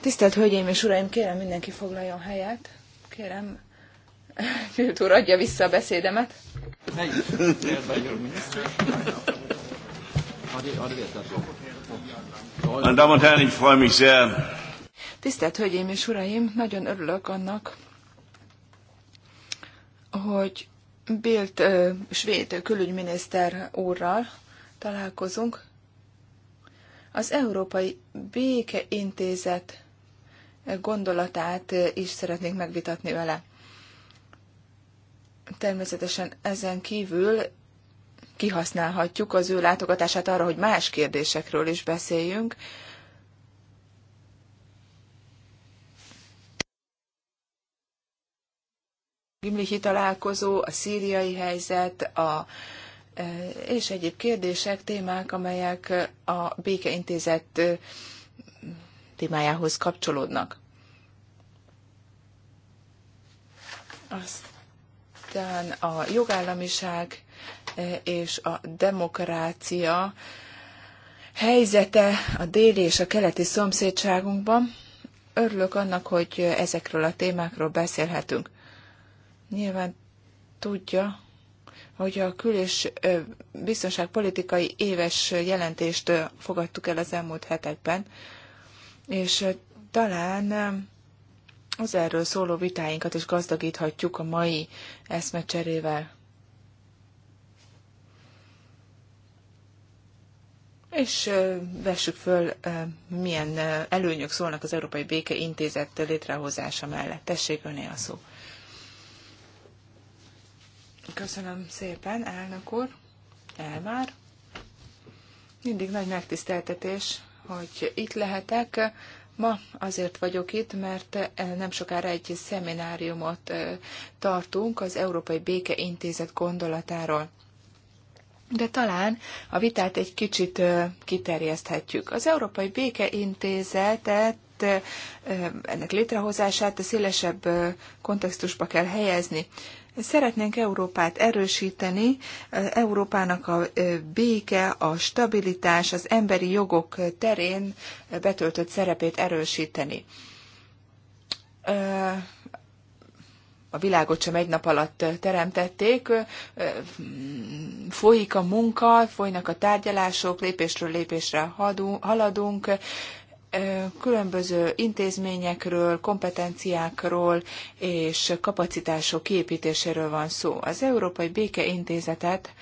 Tisztelt Hölgyeim és Uraim, kérem mindenki foglaljon helyet. Kérem, Fült úr, adja vissza a beszédemet. Tisztelt Hölgyeim és Uraim, nagyon örülök annak, hogy uh, svéd külügyminiszter úrral találkozunk. Az Európai Békeintézet gondolatát is szeretnék megvitatni vele. Természetesen ezen kívül kihasználhatjuk az ő látogatását arra, hogy más kérdésekről is beszéljünk. Gimlihi találkozó, a szíriai helyzet, a Eh, és egyéb kérdések, témák, amelyek a Békeintézet eh, témájához kapcsolódnak. Aztán a jogállamiság eh, és a demokrácia helyzete a déli és a keleti szomszédságunkban. Örülök annak, hogy ezekről a témákról beszélhetünk. Nyilván tudja, hogy a kül- és biztonságpolitikai éves jelentést fogadtuk el az elmúlt hetekben, és talán az erről szóló vitáinkat is gazdagíthatjuk a mai eszmecserével. És vessük föl, milyen előnyök szólnak az Európai Béke Intézet létrehozása mellett. Tessék öné a szó. Köszönöm szépen, elnök úr. elmár. Mindig nagy megtiszteltetés, hogy itt lehetek. Ma azért vagyok itt, mert eh, nem sokára egy szemináriumot eh, tartunk az Európai Béke Intézet gondolatáról. De talán a vitát egy kicsit eh, kiterjeszthetjük. Az Európai Intézetet ezt, ennek létrehozását szélesebb kontextusba kell helyezni. Szeretnénk Európát erősíteni, Európának a béke, a stabilitás, az emberi jogok terén betöltött szerepét erősíteni. A világot sem egy nap alatt teremtették, folyik a munka, folynak a tárgyalások, lépésről lépésre haladunk, különböző intézményekről, kompetenciákról és kapacitások kiépítéséről van szó. Az Európai Békeintézetet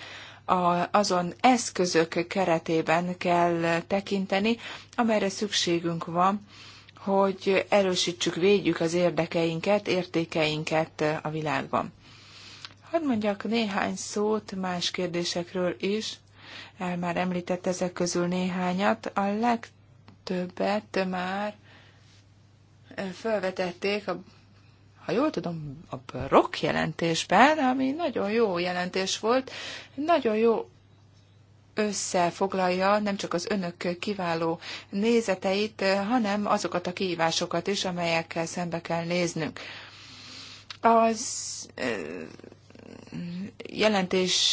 azon eszközök keretében kell tekinteni, amelyre szükségünk van, hogy erősítsük, védjük az érdekeinket, értékeinket a világban. Hadd mondjak néhány szót más kérdésekről is. El már említett ezek közül néhányat. A leg többet már felvetették a ha jól tudom, a rock jelentésben, ami nagyon jó jelentés volt, nagyon jó összefoglalja nem csak az önök kiváló nézeteit, hanem azokat a kihívásokat is, amelyekkel szembe kell néznünk. Az jelentés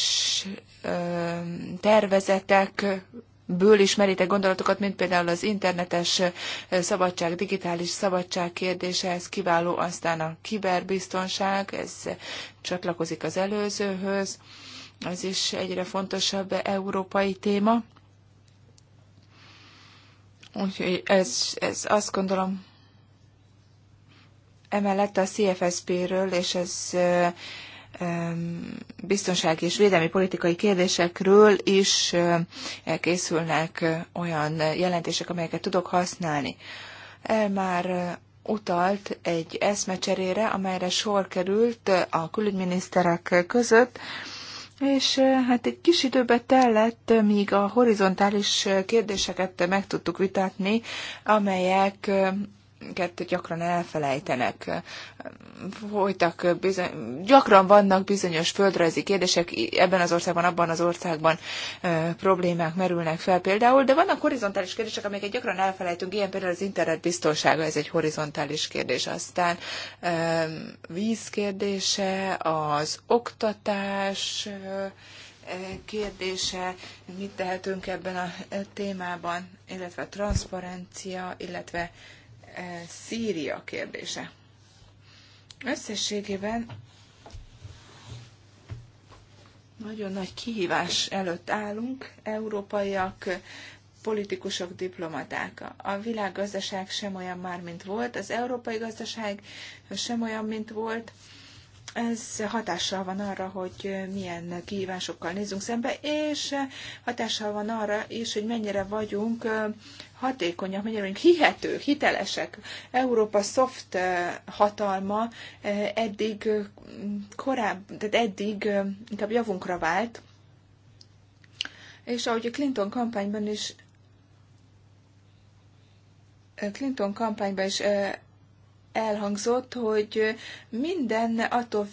tervezetek ből ismeritek gondolatokat, mint például az internetes eh, szabadság, digitális szabadság kérdése, ez kiváló, aztán a kiberbiztonság, ez csatlakozik az előzőhöz, ez is egyre fontosabb európai téma. Úgyhogy ez, ez azt gondolom, emellett a CFSP-ről és az biztonsági és védelmi politikai kérdésekről is készülnek olyan jelentések, amelyeket tudok használni. El már utalt egy eszmecserére, amelyre sor került a külügyminiszterek között, és hát egy kis időbe tellett, míg a horizontális kérdéseket meg tudtuk vitatni, amelyek amiket gyakran elfelejtenek. Voltak bizony, gyakran vannak bizonyos földrajzi kérdések, ebben az országban, abban az országban e, problémák merülnek fel például, de vannak horizontális kérdések, amiket gyakran elfelejtünk, ilyen például az internet biztonsága, ez egy horizontális kérdés. Aztán e, víz kérdése, az oktatás e, kérdése, mit tehetünk ebben a témában, illetve a transzparencia, illetve E, Szíria kérdése. Összességében nagyon nagy kihívás előtt állunk, európaiak, politikusok, diplomaták. A világgazdaság sem olyan már, mint volt, az európai gazdaság sem olyan, mint volt. Ez hatással van arra, hogy milyen kihívásokkal nézünk szembe, és hatással van arra is, hogy mennyire vagyunk hatékonyak, mondjuk hihetők, hitelesek. Európa soft eh, hatalma eh, eddig eh, korábban, tehát eddig inkább javunkra vált, és ahogy a Clinton kampányban is Clinton kampányban is elhangzott, hogy minden attól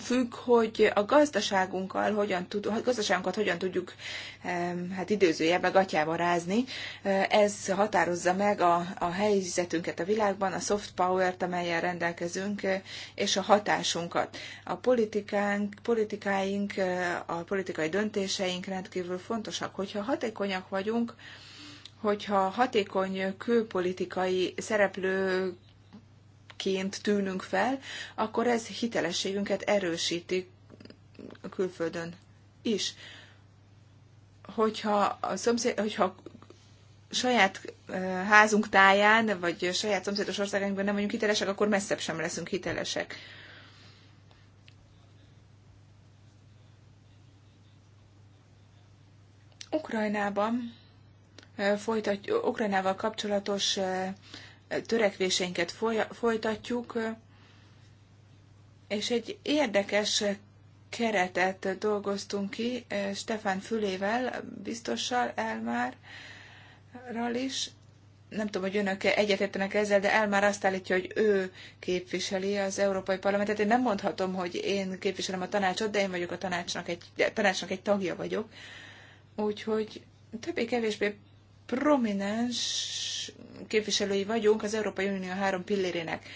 függ, hogy a gazdaságunkkal hogyan tud, a gazdaságunkat hogyan tudjuk hát meg gatyába rázni. Ez határozza meg a, a helyzetünket a világban, a soft power-t, amelyen rendelkezünk, és a hatásunkat. A politikánk, politikáink, a politikai döntéseink rendkívül fontosak. Hogyha hatékonyak vagyunk, hogyha hatékony külpolitikai szereplők ként tűnünk fel, akkor ez hitelességünket erősíti a külföldön is. Hogyha a szomszéd, hogyha saját házunk táján, vagy saját szomszédos országainkban nem vagyunk hitelesek, akkor messzebb sem leszünk hitelesek. Ukrajnában folytatjuk, Ukrajnával kapcsolatos törekvéseinket folytatjuk, és egy érdekes keretet dolgoztunk ki eh, Stefán Fülével, biztossal, Elmárral is. Nem tudom, hogy önök egyetettenek ezzel, de Elmár azt állítja, hogy ő képviseli az Európai Parlamentet. Én nem mondhatom, hogy én képviselem a tanácsot, de én vagyok a tanácsnak egy, tanácsnak egy tagja vagyok. Úgyhogy többé-kevésbé prominens képviselői vagyunk az Európai Unió három pillérének.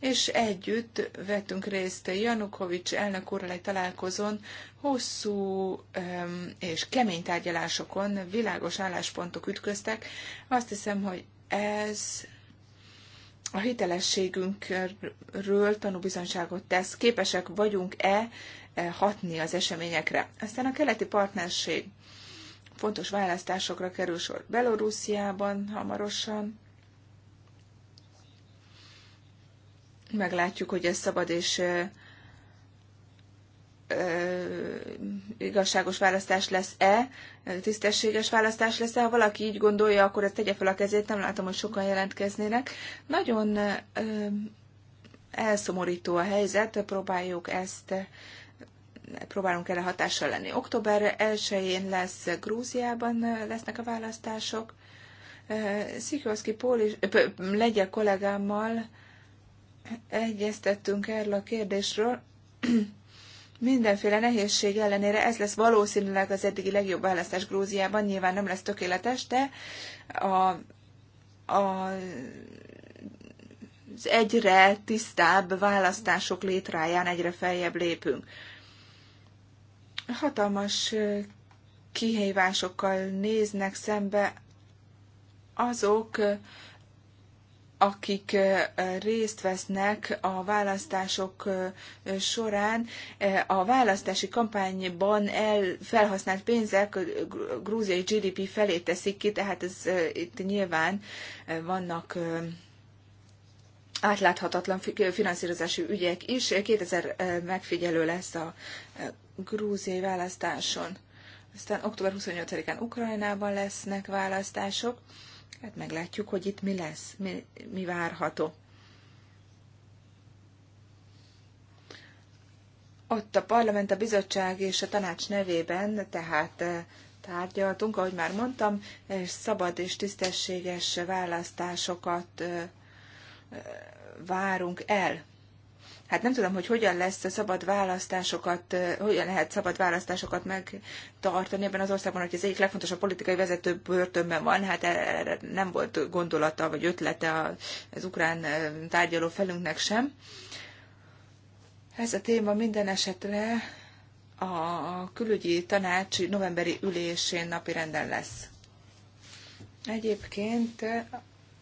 És együtt vettünk részt Janukovics elnök úrral egy találkozón, hosszú és kemény tárgyalásokon világos álláspontok ütköztek. Azt hiszem, hogy ez a hitelességünkről tanúbizonyságot tesz, képesek vagyunk-e eh, hatni az eseményekre. Aztán a keleti partnerség fontos választásokra kerül sor Belorussziában hamarosan. Meglátjuk, hogy ez szabad és igazságos választás lesz-e, tisztességes választás lesz-e. Ha valaki így gondolja, akkor ezt tegye fel a kezét, nem látom, hogy sokan jelentkeznének. Nagyon elszomorító a helyzet, próbáljuk ezt próbálunk erre hatással lenni. Október 1-én lesz Grúziában lesznek a választások. Szikorszki Pól legyen kollégámmal egyeztettünk erről a kérdésről. Mindenféle nehézség ellenére ez lesz valószínűleg az eddigi legjobb választás Grúziában, nyilván nem lesz tökéletes, de a, a az egyre tisztább választások létráján egyre feljebb lépünk hatalmas kihívásokkal néznek szembe azok, akik részt vesznek a választások során. A választási kampányban el felhasznált pénzek a grúziai GDP felé teszik ki, tehát ez itt nyilván vannak átláthatatlan finanszírozási ügyek is. 2000 megfigyelő lesz a grúziai választáson. Aztán október 28-án Ukrajnában lesznek választások. Hát meglátjuk, hogy itt mi lesz, mi, mi várható. Ott a parlament, a bizottság és a tanács nevében, tehát eh, tárgyaltunk, ahogy már mondtam, és szabad és tisztességes választásokat eh, eh, várunk el hát nem tudom, hogy hogyan lesz a szabad választásokat, hogyan lehet szabad választásokat megtartani ebben az országban, hogy az egyik legfontosabb politikai vezető börtönben van, hát e- erre nem volt gondolata vagy ötlete az ukrán tárgyaló felünknek sem. Ez a téma minden esetre a külügyi tanács novemberi ülésén napirenden lesz. Egyébként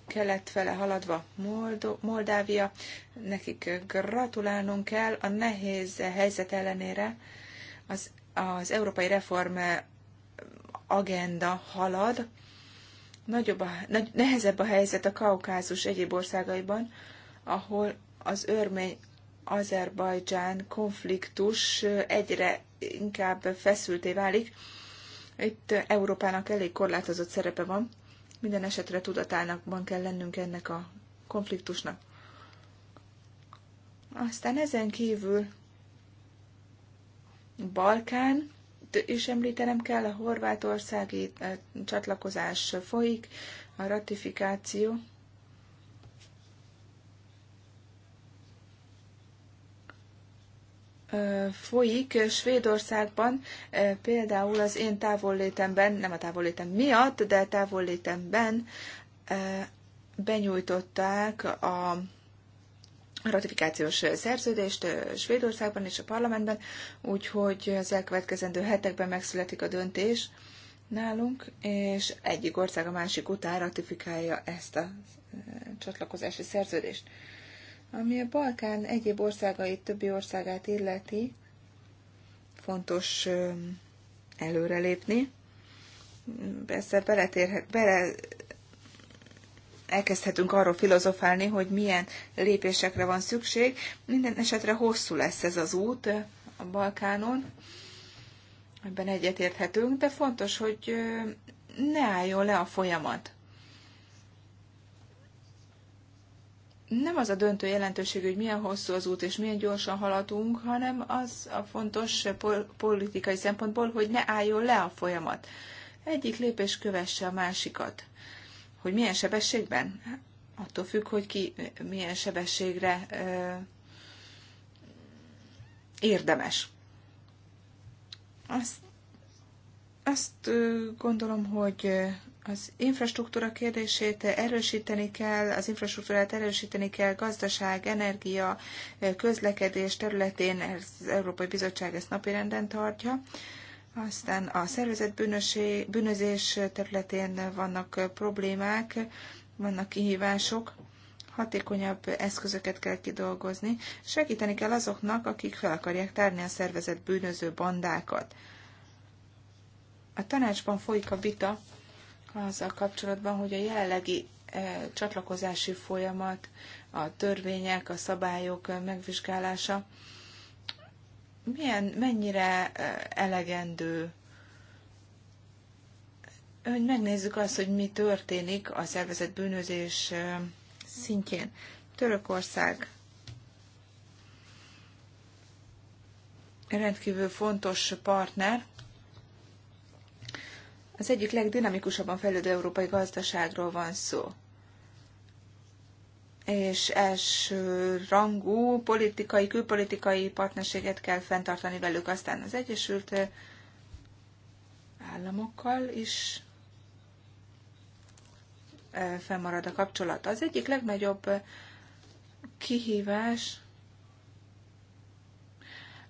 kelet fele haladva Moldo- Moldávia. Nekik gratulálnunk kell a nehéz helyzet ellenére. Az, az európai reform agenda halad. Nagyobb a, nagy, nehezebb a helyzet a Kaukázus egyéb országaiban, ahol az örmény Azerbajdzsán konfliktus egyre inkább feszülté válik. Itt Európának elég korlátozott szerepe van minden esetre tudatánakban kell lennünk ennek a konfliktusnak. Aztán ezen kívül Balkán, és említenem kell, a horvátországi eh, csatlakozás folyik, a ratifikáció. folyik Svédországban, például az én távollétemben, nem a távollétem miatt, de távollétemben benyújtották a ratifikációs szerződést Svédországban és a parlamentben, úgyhogy az elkövetkezendő hetekben megszületik a döntés nálunk, és egyik ország a másik után ratifikálja ezt a csatlakozási szerződést. Ami a Balkán egyéb országait, többi országát illeti, fontos előrelépni. Persze beletérhet, bele elkezdhetünk arról filozofálni, hogy milyen lépésekre van szükség. Minden esetre hosszú lesz ez az út a Balkánon, ebben egyetérthetünk, de fontos, hogy ne álljon le a folyamat. nem az a döntő jelentőség, hogy milyen hosszú az út és milyen gyorsan haladunk, hanem az a fontos politikai szempontból, hogy ne álljon le a folyamat. Egyik lépés kövesse a másikat. Hogy milyen sebességben? Attól függ, hogy ki milyen sebességre érdemes. Azt, azt gondolom, hogy az infrastruktúra kérdését erősíteni kell, az infrastruktúrát erősíteni kell gazdaság, energia, közlekedés területén, az Európai Bizottság ezt napirenden tartja. Aztán a szervezet bűnözés területén vannak problémák, vannak kihívások, hatékonyabb eszközöket kell kidolgozni, segíteni kell azoknak, akik fel akarják tárni a szervezet bűnöző bandákat. A tanácsban folyik a vita azzal kapcsolatban, hogy a jelenlegi eh, csatlakozási folyamat, a törvények, a szabályok eh, megvizsgálása milyen, mennyire eh, elegendő hogy megnézzük azt, hogy mi történik a szervezet bűnözés szintjén. Törökország rendkívül fontos partner, az egyik legdinamikusabban fejlődő európai gazdaságról van szó és első rangú politikai, külpolitikai partnerséget kell fenntartani velük, aztán az Egyesült Államokkal is fennmarad a kapcsolat. Az egyik legnagyobb kihívás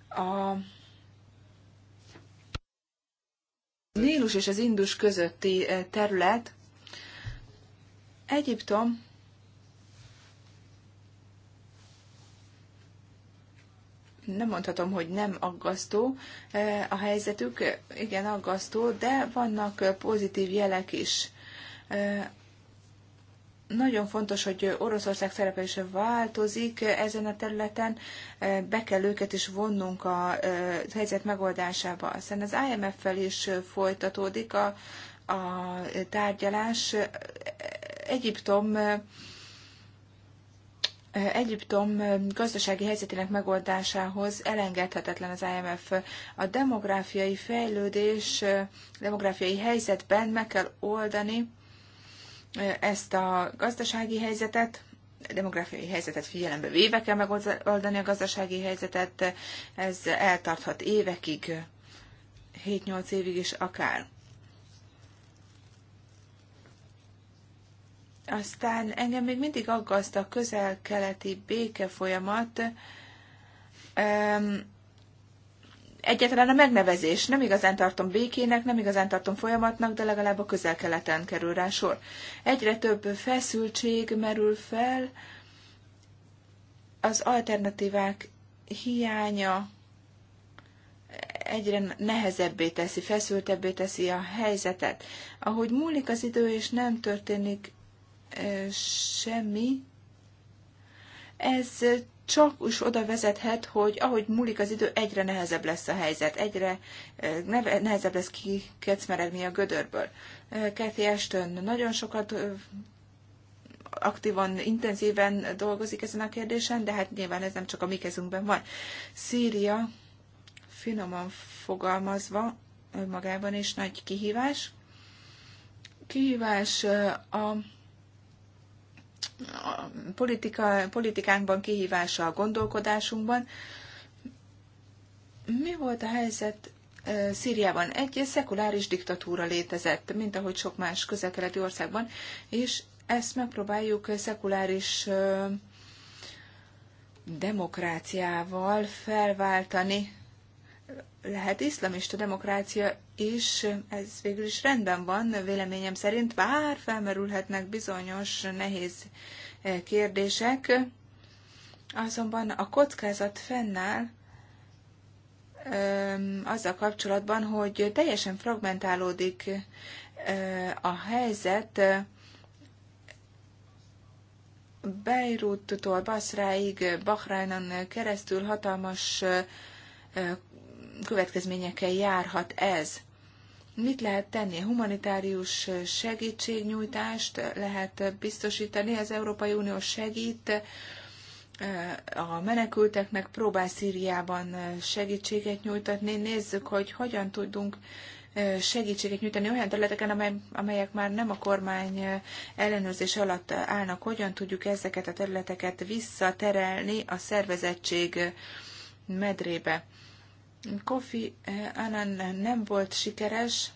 a Nílus és az Indus közötti eh, terület, Egyiptom nem mondhatom, hogy nem aggasztó eh, a helyzetük, igen, aggasztó, de vannak eh, pozitív jelek is nagyon fontos, hogy Oroszország szerepe is változik ezen a területen, be kell őket is vonnunk a helyzet megoldásába. Aztán az IMF-fel is folytatódik a, a tárgyalás. Egyiptom Egyiptom gazdasági helyzetének megoldásához elengedhetetlen az IMF. A demográfiai fejlődés, demográfiai helyzetben meg kell oldani ezt a gazdasági helyzetet, demográfiai helyzetet figyelembe véve kell megoldani a gazdasági helyzetet, ez eltarthat évekig, 7-8 évig is akár. Aztán engem még mindig aggaszt a közel-keleti béke folyamat, egyetlen a megnevezés. Nem igazán tartom békének, nem igazán tartom folyamatnak, de legalább a közel-keleten kerül rá sor. Egyre több feszültség merül fel, az alternatívák hiánya egyre nehezebbé teszi, feszültebbé teszi a helyzetet. Ahogy múlik az idő, és nem történik semmi, ez csak is oda vezethet, hogy ahogy múlik az idő, egyre nehezebb lesz a helyzet, egyre eh, nehezebb lesz kikecmeregni a gödörből. Kathy eh, Ashton nagyon sokat eh, aktívan, intenzíven dolgozik ezen a kérdésen, de hát nyilván ez nem csak a mi kezünkben van. Szíria finoman fogalmazva magában is nagy kihívás. Kihívás a a politika, politikánkban, kihívása a gondolkodásunkban. Mi volt a helyzet Szíriában? Egy szekuláris diktatúra létezett, mint ahogy sok más közel-keleti országban, és ezt megpróbáljuk szekuláris demokráciával felváltani lehet iszlamista demokrácia is, ez végül is rendben van, véleményem szerint, bár felmerülhetnek bizonyos nehéz eh, kérdések, azonban a kockázat fennáll ehm, azzal kapcsolatban, hogy teljesen fragmentálódik eh, a helyzet eh, Beirut-tól Basráig, Bahrajnon keresztül hatalmas következményekkel járhat ez. Mit lehet tenni? Humanitárius segítségnyújtást lehet biztosítani. Az Európai Unió segít eh, a menekülteknek, próbál Szíriában eh, segítséget nyújtatni. Nézzük, hogy hogyan tudunk eh, segítséget nyújtani olyan területeken, amely, amelyek már nem a kormány ellenőrzés alatt állnak. Hogyan tudjuk ezeket a területeket visszaterelni a szervezettség medrébe? Kofi Annan nem volt sikeres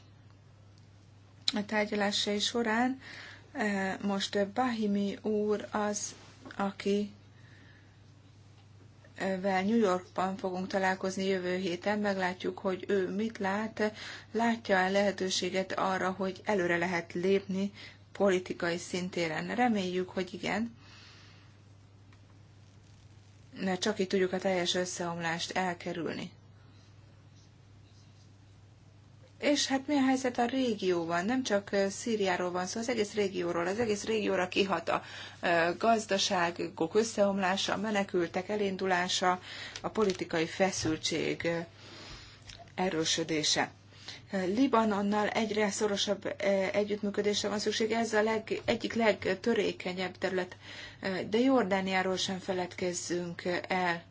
a tárgyalásai során. E, most Bahimi úr az, aki e, vel New Yorkban fogunk találkozni jövő héten, meglátjuk, hogy ő mit lát, látja-e lehetőséget arra, hogy előre lehet lépni politikai szintéren. Reméljük, hogy igen, mert csak így tudjuk a teljes összeomlást elkerülni. És hát mi a helyzet a régióban? Nem csak Szíriáról van szó, az egész régióról. Az egész régióra kihat a gazdaságok összeomlása, a menekültek elindulása, a politikai feszültség erősödése. Libanonnal egyre szorosabb együttműködésre van szükség, ez a leg, egyik legtörékenyebb terület, de Jordániáról sem feledkezzünk el.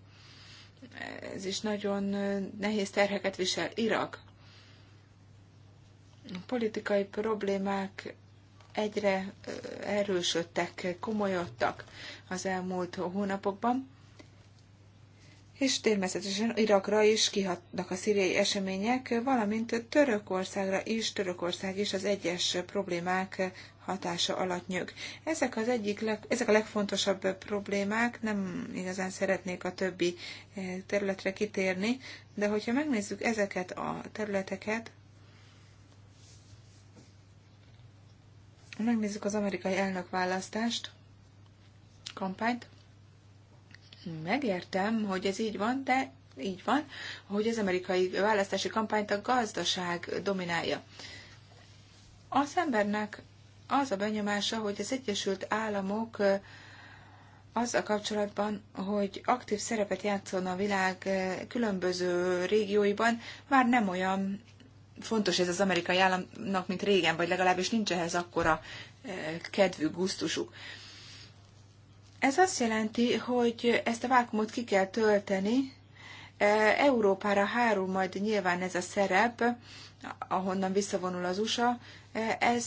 Ez is nagyon nehéz terheket visel. Irak, politikai problémák egyre erősödtek, komolyodtak az elmúlt hónapokban, és természetesen Irakra is kihatnak a szíriai események, valamint Törökországra is, Törökország is az egyes problémák hatása alatt nyög. Ezek, az egyik leg, ezek a legfontosabb problémák, nem igazán szeretnék a többi eh, területre kitérni, de hogyha megnézzük ezeket a területeket, megnézzük az amerikai elnökválasztást, kampányt, megértem, hogy ez így van, de így van, hogy az amerikai választási kampányt a gazdaság dominálja. Az embernek az a benyomása, hogy az Egyesült Államok az a kapcsolatban, hogy aktív szerepet játszon a világ különböző régióiban, már nem olyan fontos ez az amerikai államnak, mint régen, vagy legalábbis nincs ehhez akkora eh, kedvű gusztusuk. Ez azt jelenti, hogy ezt a vákumot ki kell tölteni, eh, Európára hárul majd nyilván ez a szerep, ahonnan visszavonul az USA. Eh, ez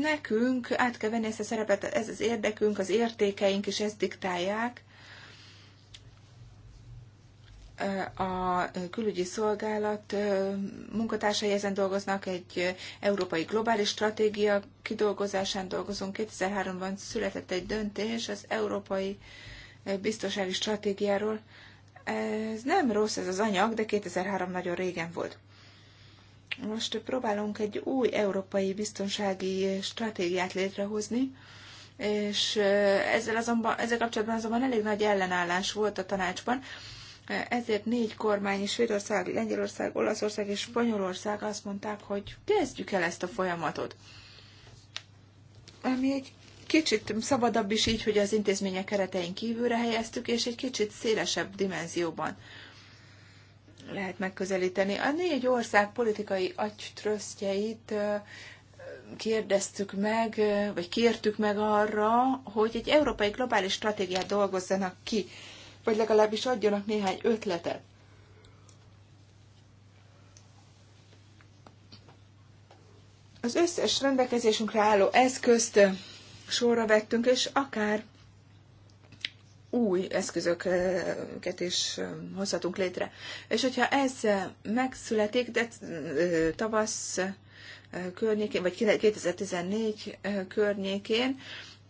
nekünk át kell venni ezt a szerepet, ez az érdekünk, az értékeink, is ezt diktálják a külügyi szolgálat munkatársai ezen dolgoznak, egy európai globális stratégia kidolgozásán dolgozunk. 2003-ban született egy döntés az európai biztonsági stratégiáról. Ez nem rossz ez az anyag, de 2003 nagyon régen volt. Most próbálunk egy új európai biztonsági stratégiát létrehozni, és ezzel, azonban, ezzel kapcsolatban azonban elég nagy ellenállás volt a tanácsban ezért négy kormány, Svédország, Lengyelország, Olaszország és Spanyolország azt mondták, hogy kezdjük el ezt a folyamatot. Ami egy kicsit szabadabb is így, hogy az intézmények keretein kívülre helyeztük, és egy kicsit szélesebb dimenzióban lehet megközelíteni. A négy ország politikai agytrösztjeit kérdeztük meg, vagy kértük meg arra, hogy egy európai globális stratégiát dolgozzanak ki vagy legalábbis adjanak néhány ötletet. Az összes rendelkezésünkre álló eszközt sorra vettünk, és akár új eszközöket is hozhatunk létre. És hogyha ez megszületik, de tavasz környékén, vagy 2014 környékén,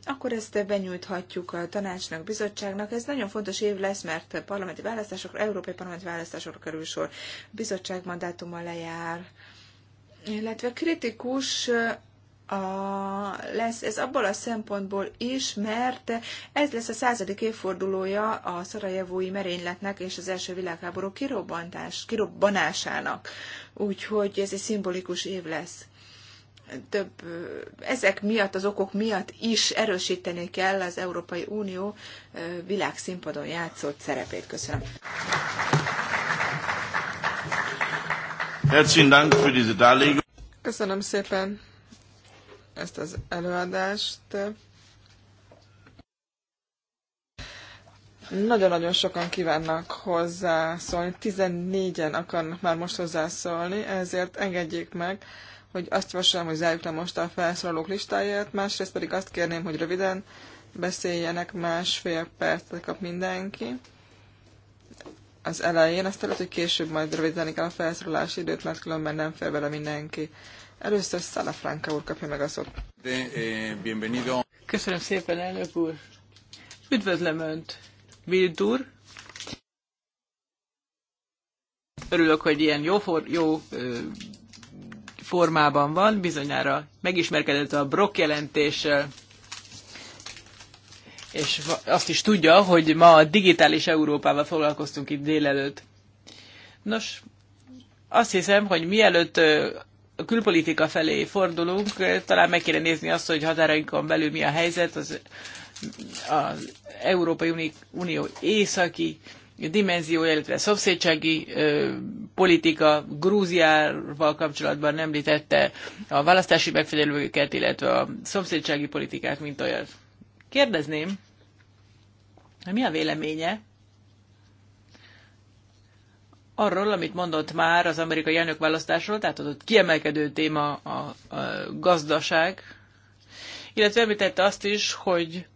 akkor ezt benyújthatjuk a tanácsnak, bizottságnak. Ez nagyon fontos év lesz, mert parlamenti választásokra, európai parlamenti választásokra kerül sor, bizottság mandátuma lejár, illetve kritikus a, lesz ez abból a szempontból is, mert ez lesz a századik évfordulója a szarajevói merényletnek és az első világháború kirobbantás, kirobbanásának. Úgyhogy ez egy szimbolikus év lesz több, ezek miatt, az okok miatt is erősíteni kell az Európai Unió világszínpadon játszott szerepét. Köszönöm. Köszönöm szépen ezt az előadást. Nagyon-nagyon sokan kívánnak hozzászólni, 14-en akarnak már most hozzászólni, ezért engedjék meg, hogy azt javaslom, hogy zárjuk le most a felszólalók listáját, másrészt pedig azt kérném, hogy röviden beszéljenek, másfél percet kap mindenki az elején, azt lehet, hogy később majd rövidíteni kell a felszólalási időt, mert különben nem fér bele mindenki. Először Szala Franka úr kapja meg a szót. Eh, Köszönöm szépen, elnök úr. Üdvözlöm Önt, Vild úr. Örülök, hogy ilyen jó, for, jó ö, formában van, bizonyára megismerkedett a Brock jelentéssel, és azt is tudja, hogy ma a digitális Európával foglalkoztunk itt délelőtt. Nos, azt hiszem, hogy mielőtt a külpolitika felé fordulunk, talán meg kéne nézni azt, hogy határainkon belül mi a helyzet, az, az Európai Unió északi dimenziója, illetve szomszédsági ö, politika Grúziával kapcsolatban említette a választási megfigyelőket, illetve a szomszédsági politikát, mint olyat. Kérdezném, hogy mi a véleménye arról, amit mondott már az amerikai elnökválasztásról, tehát az ott kiemelkedő téma a, a gazdaság, illetve említette azt is, hogy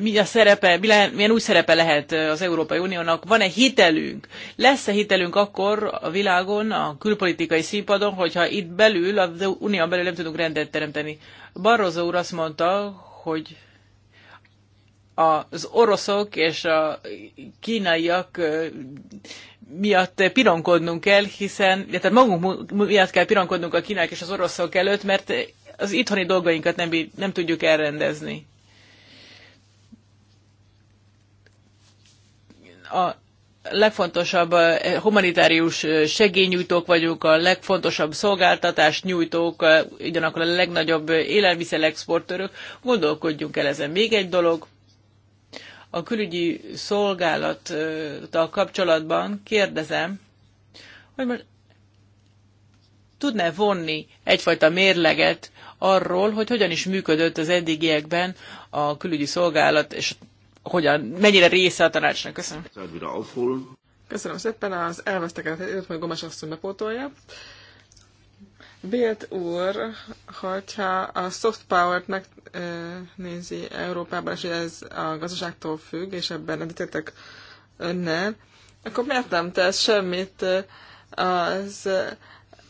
mi a szerepe, milyen új szerepe lehet az Európai Uniónak, van-e hitelünk, lesz-e hitelünk akkor a világon, a külpolitikai színpadon, hogyha itt belül, az Unió belül nem tudunk rendet teremteni. Barroso úr azt mondta, hogy az oroszok és a kínaiak miatt pironkodnunk kell, hiszen, tehát magunk miatt kell pironkodnunk a kínaiak és az oroszok előtt, mert az itthoni dolgainkat nem, nem tudjuk elrendezni. a legfontosabb eh, humanitárius eh, segélynyújtók vagyunk, a legfontosabb szolgáltatást nyújtók, eh, ugyanakkor a legnagyobb élelmiszerexportőrök. Gondolkodjunk el ezen. Még egy dolog, a külügyi szolgálattal kapcsolatban kérdezem, hogy most tudná vonni egyfajta mérleget arról, hogy hogyan is működött az eddigiekben a külügyi szolgálat és hogyan, mennyire része a tanácsnak. Köszönöm. Köszönöm szépen, az elveszteket jött majd Gomes asszony bepótolja. Bélt úr, hogyha a soft power-t megnézi Európában, és ez a gazdaságtól függ, és ebben egyetértek önnel, akkor miért nem tesz semmit az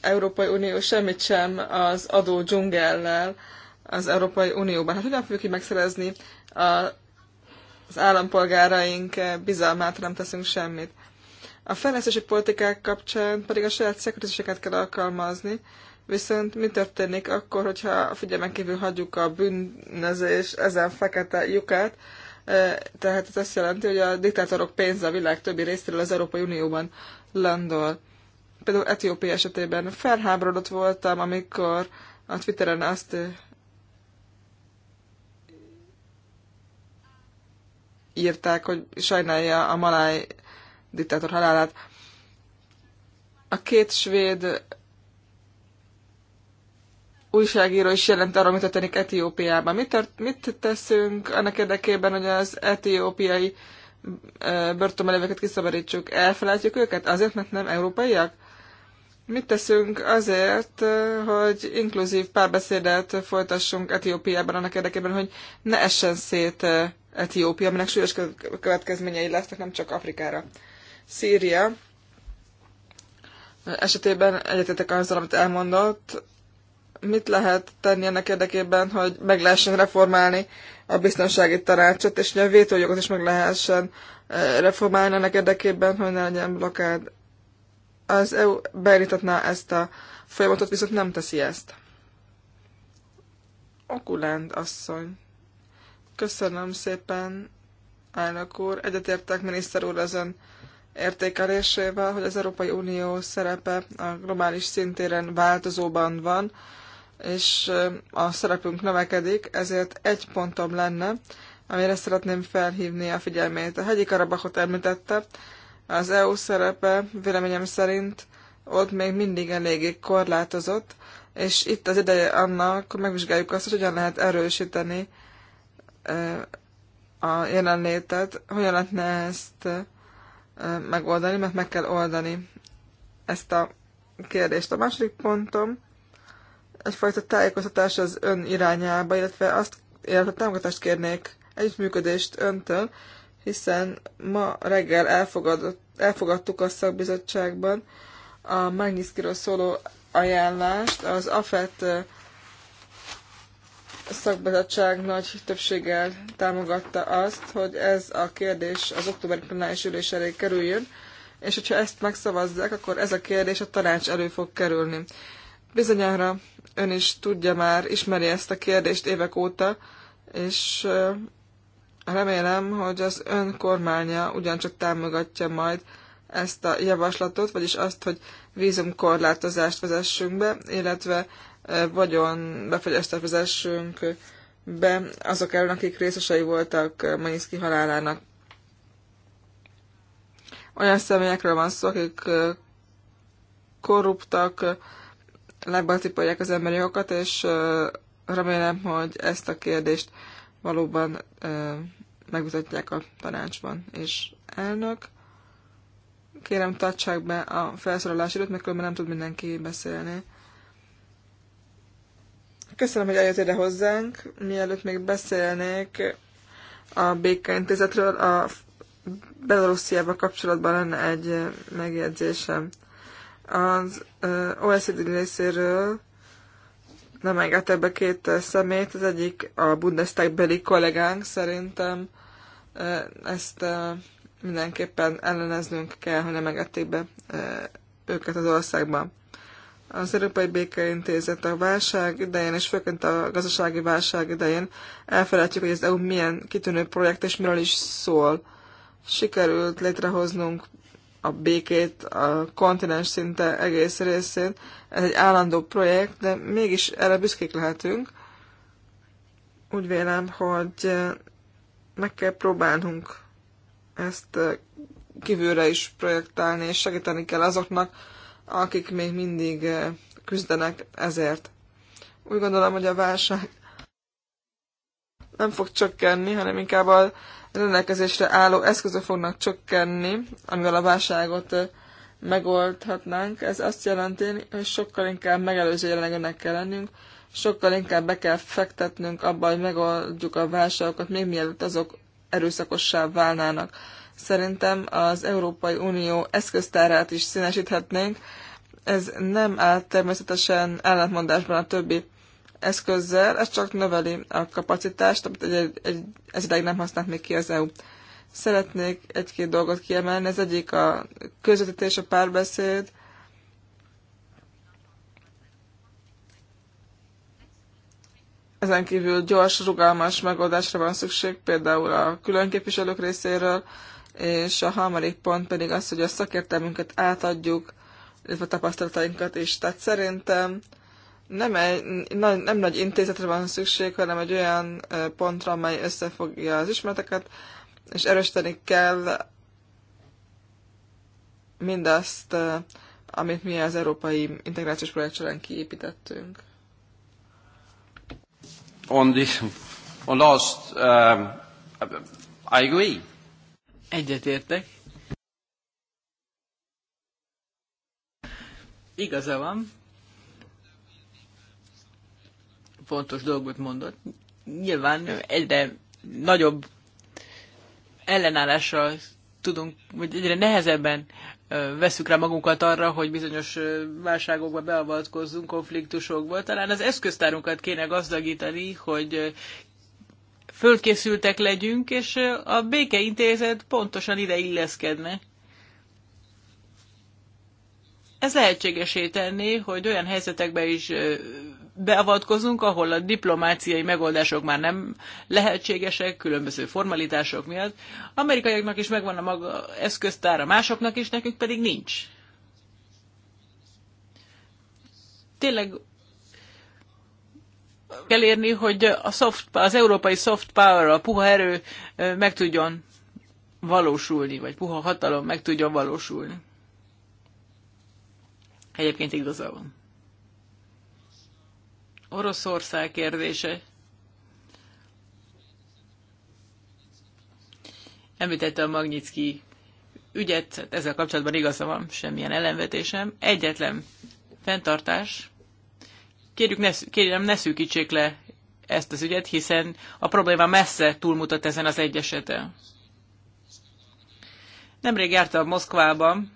Európai Unió semmit sem az adó dzsungellel az Európai Unióban? Hát hogyan fogjuk megszerezni a az állampolgáraink bizalmát nem teszünk semmit. A fejlesztési politikák kapcsán pedig a saját szekötéseket kell alkalmazni, viszont mi történik akkor, hogyha figyelmen kívül hagyjuk a bűnözés ezen fekete lyukát, e, tehát ez azt jelenti, hogy a diktátorok pénze a világ többi részéről az Európai Unióban landol. Például Etiópia esetében felháborodott voltam, amikor a Twitteren azt írták, hogy sajnálja a maláj diktátor halálát. A két svéd újságíró is jelent arról, mi történik Etiópiában. Mit, tört, mit teszünk annak érdekében, hogy az etiópiai börtönbeléveket kiszabadítsuk? Elfelejtjük őket? Azért, mert nem európaiak? Mit teszünk azért, hogy inkluzív párbeszédet folytassunk Etiópiában annak érdekében, hogy ne essen szét Etiópia, aminek súlyos következményei lesznek nem csak Afrikára. Szíria esetében egyetetek azzal, amit elmondott, mit lehet tenni ennek érdekében, hogy meg lehessen reformálni a biztonsági tanácsot, és hogy a vétójogot is meg lehessen reformálni ennek érdekében, hogy ne legyen blokád. Az EU beállítatná ezt a folyamatot, viszont nem teszi ezt. Okuland asszony. Köszönöm szépen, elnök úr. Egyetértek miniszter úr ezen értékelésével, hogy az Európai Unió szerepe a globális szintéren változóban van, és a szerepünk növekedik, ezért egy pontom lenne, amire szeretném felhívni a figyelmét. A hegyi Karabakot említette, az EU szerepe véleményem szerint ott még mindig eléggé korlátozott, és itt az ideje annak, hogy megvizsgáljuk azt, hogy hogyan lehet erősíteni a jelenlétet. Hogyan lehetne ezt megoldani, mert meg kell oldani ezt a kérdést. A második pontom egyfajta tájékoztatás az ön irányába, illetve azt, illetve támogatást kérnék, együttműködést öntől, hiszen ma reggel elfogadott, elfogadtuk a szakbizottságban a Magnitsky-ról szóló ajánlást az AFET a szakbizottság nagy többséggel támogatta azt, hogy ez a kérdés az októberi plenáris ülés elé kerüljön, és hogyha ezt megszavazzák, akkor ez a kérdés a tanács elő fog kerülni. Bizonyára ön is tudja már, ismeri ezt a kérdést évek óta, és remélem, hogy az ön kormánya ugyancsak támogatja majd ezt a javaslatot, vagyis azt, hogy vízumkorlátozást vezessünk be, illetve vagyon befegyeztetvezessünk be azok ellen, akik részesei voltak Maniszki halálának. Olyan személyekről van szó, akik korruptak, lábbal az emberi jogokat, és remélem, hogy ezt a kérdést valóban megmutatják a tanácsban. És elnök, kérem tartsák be a felszorolás időt, mert különben nem tud mindenki beszélni. Köszönöm, hogy eljött ide hozzánk. Mielőtt még beszélnék a békeintézetről, a Belarusziával kapcsolatban lenne egy megjegyzésem. Az OECD részéről nem engedtek be két szemét, az egyik a Bundestag beli kollégánk, szerintem ezt mindenképpen elleneznünk kell, hogy nem engedték be őket az országban. Az Európai Békeintézet a válság idején, és főként a gazdasági válság idején elfelejtjük, hogy az EU milyen kitűnő projekt, és miről is szól. Sikerült létrehoznunk a békét a kontinens szinte egész részén. Ez egy állandó projekt, de mégis erre büszkék lehetünk. Úgy vélem, hogy meg kell próbálnunk ezt kívülre is projektálni, és segíteni kell azoknak, akik még mindig eh, küzdenek ezért. Úgy gondolom, hogy a válság nem fog csökkenni, hanem inkább a rendelkezésre álló eszközök fognak csökkenni, amivel a válságot eh, megoldhatnánk. Ez azt jelenti, hogy sokkal inkább megelőző jelenlegűnek kell lennünk, sokkal inkább be kell fektetnünk abba, hogy megoldjuk a válságokat, még mielőtt azok erőszakossá válnának. Szerintem az Európai Unió eszköztárát is színesíthetnénk. Ez nem áll természetesen ellentmondásban a többi eszközzel, ez csak növeli a kapacitást, amit egy, egy, egy, ez ideig nem használt még ki az EU. Szeretnék egy-két dolgot kiemelni, ez egyik a közvetítés, a párbeszéd, Ezen kívül gyors, rugalmas megoldásra van szükség, például a különképviselők részéről, és a harmadik pont pedig az, hogy a szakértelmünket átadjuk, illetve a tapasztalatainkat is. Tehát szerintem nem, egy, nagy, nem nagy intézetre van szükség, hanem egy olyan pontra, amely összefogja az ismereteket, és erősíteni kell mindazt, amit mi az európai integrációs projekt során kiépítettünk. On the on last, um, I agree. Egyetértek. Igaza van. Fontos dolgot mondott. Nyilván egyre nagyobb ellenállással tudunk, vagy egyre nehezebben veszük rá magunkat arra, hogy bizonyos válságokba beavatkozzunk, konfliktusokba. Talán az eszköztárunkat kéne gazdagítani, hogy fölkészültek legyünk, és a békeintézet pontosan ide illeszkedne. Ez lehetségesé tenni, hogy olyan helyzetekbe is beavatkozunk, ahol a diplomáciai megoldások már nem lehetségesek, különböző formalitások miatt. Amerikaiaknak is megvan a maga eszköztára, másoknak is, nekünk pedig nincs. Tényleg elérni, hogy a soft, az európai soft power, a puha erő meg tudjon valósulni, vagy puha hatalom meg tudjon valósulni. Egyébként igaza van. Oroszország kérdése. Említette a Magnitsky ügyet, hát ezzel kapcsolatban igaza van, semmilyen ellenvetésem. Egyetlen fenntartás, kérjük ne, kérjem, ne szűkítsék le ezt az ügyet, hiszen a probléma messze túlmutat ezen az egy eseten. Nemrég jártam Moszkvában,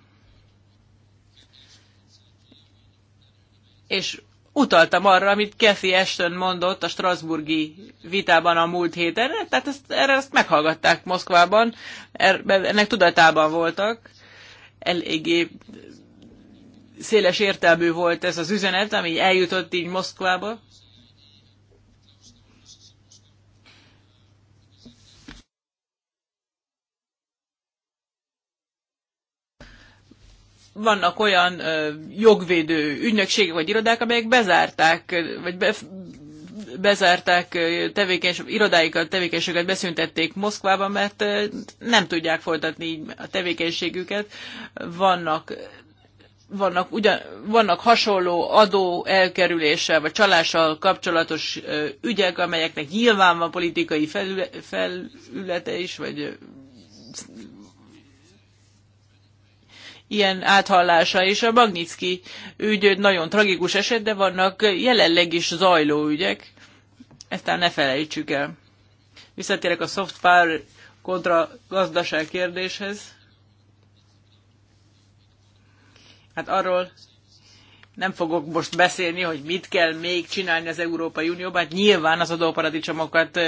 és utaltam arra, amit Kathy Ashton mondott a Strasburgi vitában a múlt héten, tehát ezt, erre ezt meghallgatták Moszkvában, er-, ennek tudatában voltak, eléggé széles értelmű volt ez az üzenet, ami eljutott így Moszkvába. Vannak olyan ö, jogvédő ügynökségek vagy irodák, amelyek bezárták, vagy be, bezárták tevékenység, irodáikat, tevékenységet beszüntették Moszkvában, mert nem tudják folytatni a tevékenységüket. Vannak vannak, ugyan, vannak hasonló adó elkerülése vagy csalással kapcsolatos ügyek, amelyeknek nyilván van politikai felülete is, vagy ilyen áthallása, és a Magnitsky ügy nagyon tragikus eset, de vannak jelenleg is zajló ügyek, Ezt ne felejtsük el. Visszatérek a soft power kontra gazdaság kérdéshez. Hát arról nem fogok most beszélni, hogy mit kell még csinálni az Európai Unióban. Hát nyilván az adóparadicsomokat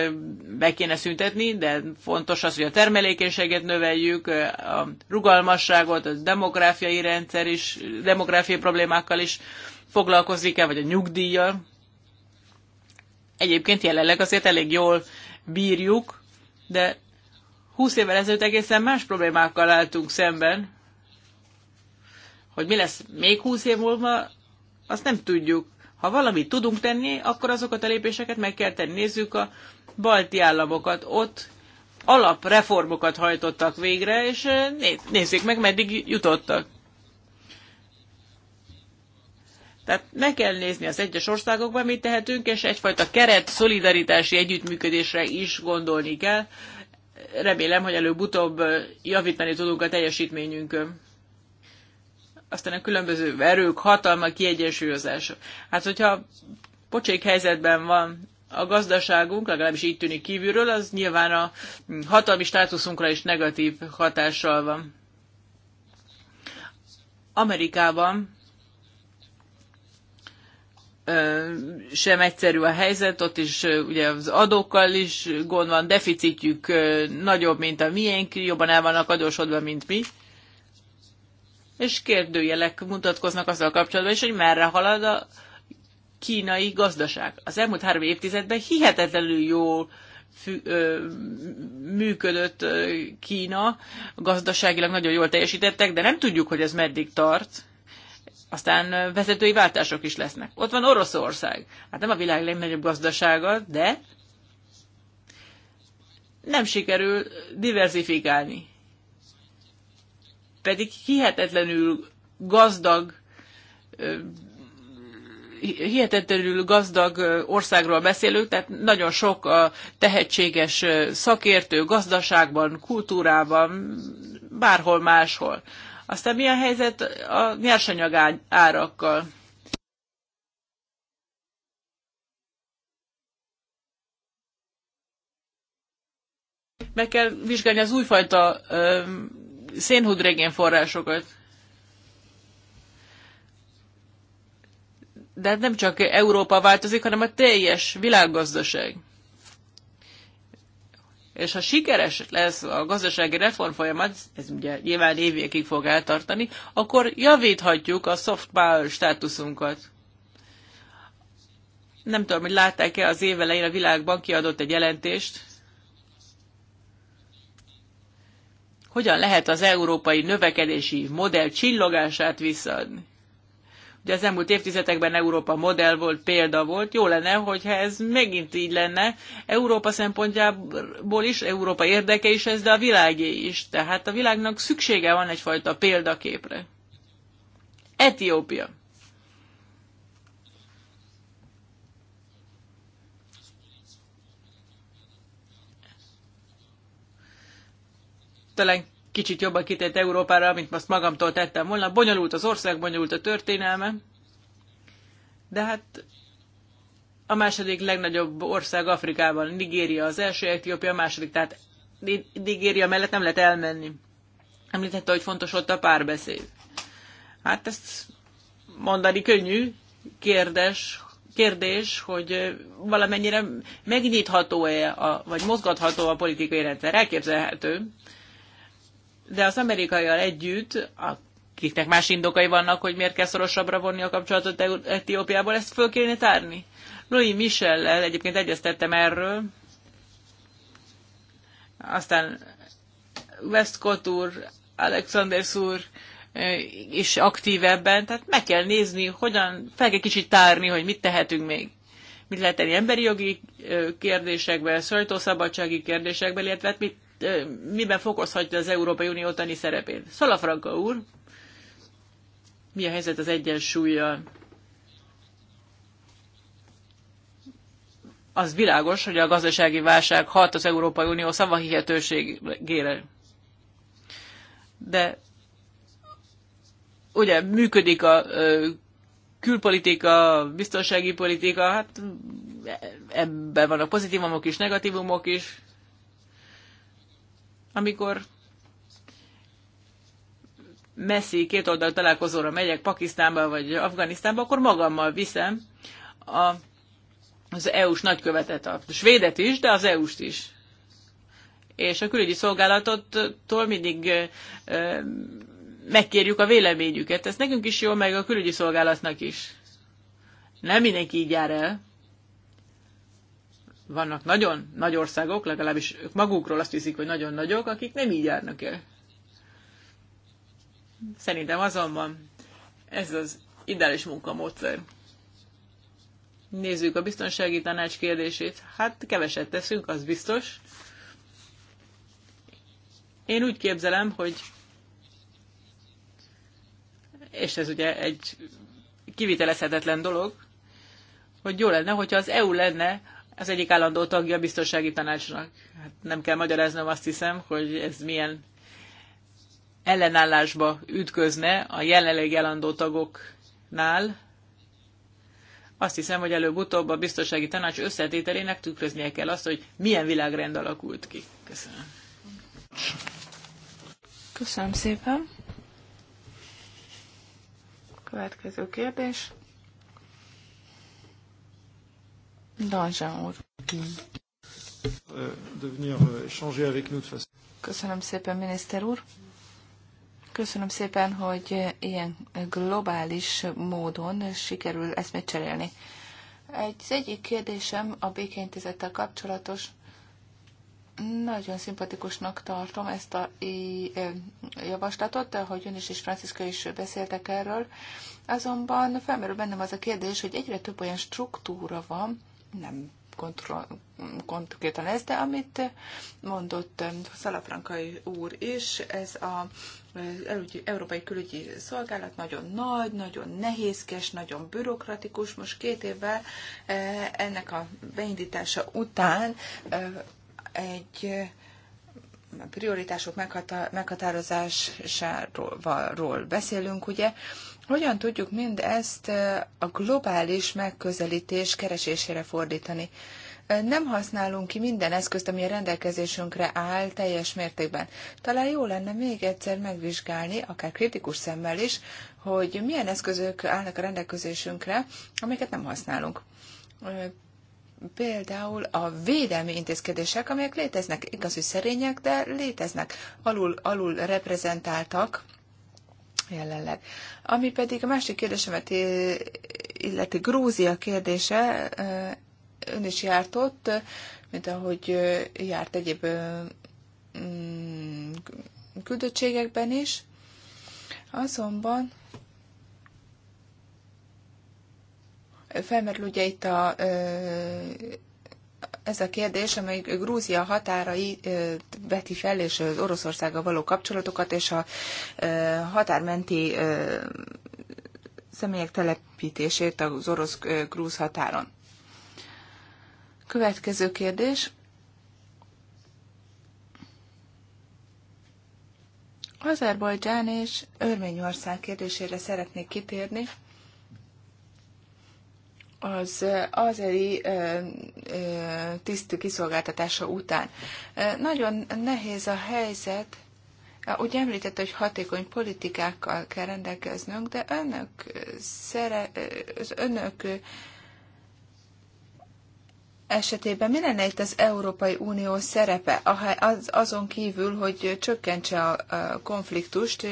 be kéne szüntetni, de fontos az, hogy a termelékenységet növeljük, a rugalmasságot, a demográfiai rendszer is, demográfiai problémákkal is foglalkozik-e, vagy a nyugdíjjal. Egyébként jelenleg azért elég jól bírjuk, de 20 évvel ezelőtt egészen más problémákkal álltunk szemben, hogy mi lesz még húsz év múlva, azt nem tudjuk. Ha valamit tudunk tenni, akkor azokat a lépéseket meg kell tenni. Nézzük a balti államokat. Ott alapreformokat hajtottak végre, és eh, nézzék meg, meddig jutottak. Tehát meg kell nézni az egyes országokban, mit tehetünk, és egyfajta keret szolidaritási együttműködésre is gondolni kell. Remélem, hogy előbb-utóbb eh, javítani tudunk a teljesítményünkön aztán a különböző erők, hatalma, kiegyensúlyozása. Hát, hogyha pocsék helyzetben van a gazdaságunk, legalábbis így tűnik kívülről, az nyilván a hatalmi státuszunkra is negatív hatással van. Amerikában sem egyszerű a helyzet, ott is ugye az adókkal is gond van, deficitjük nagyobb, mint a miénk, jobban el vannak adósodva, mint mi és kérdőjelek mutatkoznak azzal kapcsolatban is, hogy merre halad a kínai gazdaság. Az elmúlt három évtizedben hihetetlenül jól fü, ö, működött Kína, gazdaságilag nagyon jól teljesítettek, de nem tudjuk, hogy ez meddig tart. Aztán vezetői váltások is lesznek. Ott van Oroszország. Hát nem a világ legnagyobb gazdasága, de nem sikerül diversifikálni pedig hihetetlenül gazdag hihetetlenül gazdag országról beszélünk, tehát nagyon sok a tehetséges szakértő gazdaságban, kultúrában, bárhol máshol. Aztán mi a helyzet a nyersanyag árakkal? Meg kell vizsgálni az újfajta szénhudrégén forrásokat. De hát nem csak Európa változik, hanem a teljes világgazdaság. És ha sikeres lesz a gazdasági reform folyamat, ez ugye nyilván évekig fog eltartani, akkor javíthatjuk a soft power státuszunkat. Nem tudom, hogy látták-e az év elején a világban kiadott egy jelentést, hogyan lehet az európai növekedési modell csillogását visszaadni. Ugye az elmúlt évtizedekben Európa modell volt, példa volt, jó lenne, hogyha ez megint így lenne, Európa szempontjából is, Európa érdeke is ez, de a világé is. Tehát a világnak szüksége van egyfajta példaképre. Etiópia. talán kicsit jobban kitett Európára, mint azt magamtól tettem volna. Bonyolult az ország, bonyolult a történelme, de hát a második legnagyobb ország Afrikában, Nigéria az első, Etiópia a második, tehát Nigéria mellett nem lehet elmenni. Említette, hogy fontos ott a párbeszéd. Hát ezt mondani könnyű, kérdés, kérdés, hogy valamennyire megnyitható-e, a, vagy mozgatható a politikai rendszer. Elképzelhető, de az amerikaiak együtt, akiknek más indokai vannak, hogy miért kell szorosabbra vonni a kapcsolatot e- Etiópiából, ezt föl kéne tárni. Louis Michellel egyébként egyeztettem erről, aztán Westcott úr, Alexander úr is aktív ebben, tehát meg kell nézni, hogyan, fel kell kicsit tárni, hogy mit tehetünk még. Mit lehet tenni emberi jogi kérdésekben, szabadsági kérdésekben, illetve hát mit miben fokozhatja az Európai Unió tani szerepét. Szalafranka úr, mi a helyzet az egyensúlyjal? Az világos, hogy a gazdasági válság hat az Európai Unió szavahihetőségére. De ugye működik a külpolitika, biztonsági politika, hát e, ebben vannak pozitívumok is, negatívumok is amikor messzi két oldal találkozóra megyek Pakisztánba vagy Afganisztánba, akkor magammal viszem a, az EU-s nagykövetet, a svédet is, de az EU-st is. És a külügyi szolgálatottól mindig megkérjük a véleményüket. Ez nekünk is jó, meg a külügyi szolgálatnak is. Nem mindenki így jár el vannak nagyon nagy országok, legalábbis ők magukról azt hiszik, hogy nagyon nagyok, akik nem így járnak el. Szerintem azonban ez az ideális munkamódszer. Nézzük a biztonsági tanács kérdését. Hát keveset teszünk, az biztos. Én úgy képzelem, hogy és ez ugye egy kivitelezhetetlen dolog, hogy jó lenne, hogyha az EU lenne az egyik állandó tagja a biztonsági tanácsnak. Hát nem kell magyaráznom azt hiszem, hogy ez milyen ellenállásba ütközne a jelenlegi állandó tagoknál. Azt hiszem, hogy előbb-utóbb a biztonsági tanács összetételének tükröznie kell azt, hogy milyen világrend alakult ki. Köszönöm. Köszönöm szépen. Következő kérdés. Euh, Köszönöm szépen, miniszter úr. Köszönöm szépen, hogy ilyen globális módon sikerül eszmét cserélni. Egy, az egyik kérdésem a békeintézettel kapcsolatos. Nagyon szimpatikusnak tartom ezt a javaslatot, de ahogy ön is és Franciszka is beszéltek erről. Azonban felmerül bennem az a kérdés, hogy egyre több olyan struktúra van, nem konkrétan ez, de amit mondott eh, Szalafrankai úr is, ez a eh, Elügyi, Európai Külügyi Szolgálat nagyon nagy, nagyon nehézkes, nagyon bürokratikus. Most két évvel eh, ennek a beindítása után egy prioritások meghatározásáról beszélünk, ugye, hogyan tudjuk mindezt a globális megközelítés keresésére fordítani? Nem használunk ki minden eszközt, ami a rendelkezésünkre áll teljes mértékben. Talán jó lenne még egyszer megvizsgálni, akár kritikus szemmel is, hogy milyen eszközök állnak a rendelkezésünkre, amiket nem használunk például a védelmi intézkedések, amelyek léteznek, igaz, hogy szerények, de léteznek, alul, alul reprezentáltak jelenleg. Ami pedig a másik kérdésemet illeti Grúzia kérdése, ön is járt ott, mint ahogy járt egyéb mm, küldöttségekben is. Azonban felmerül ugye itt a ez a kérdés, amely Grúzia határai veti fel, és az Oroszországgal való kapcsolatokat, és a határmenti személyek telepítését az orosz-grúz határon. Következő kérdés. Azerbajdzsán és Örményország kérdésére szeretnék kitérni az eh, azeri eh, eh, tisztű kiszolgáltatása után. Nagyon nehéz a helyzet, úgy említette, hogy hatékony politikákkal kell rendelkeznünk, de önök, szere, az önök esetében mi lenne itt az Európai Unió szerepe, az, azon kívül, hogy csökkentse a konfliktust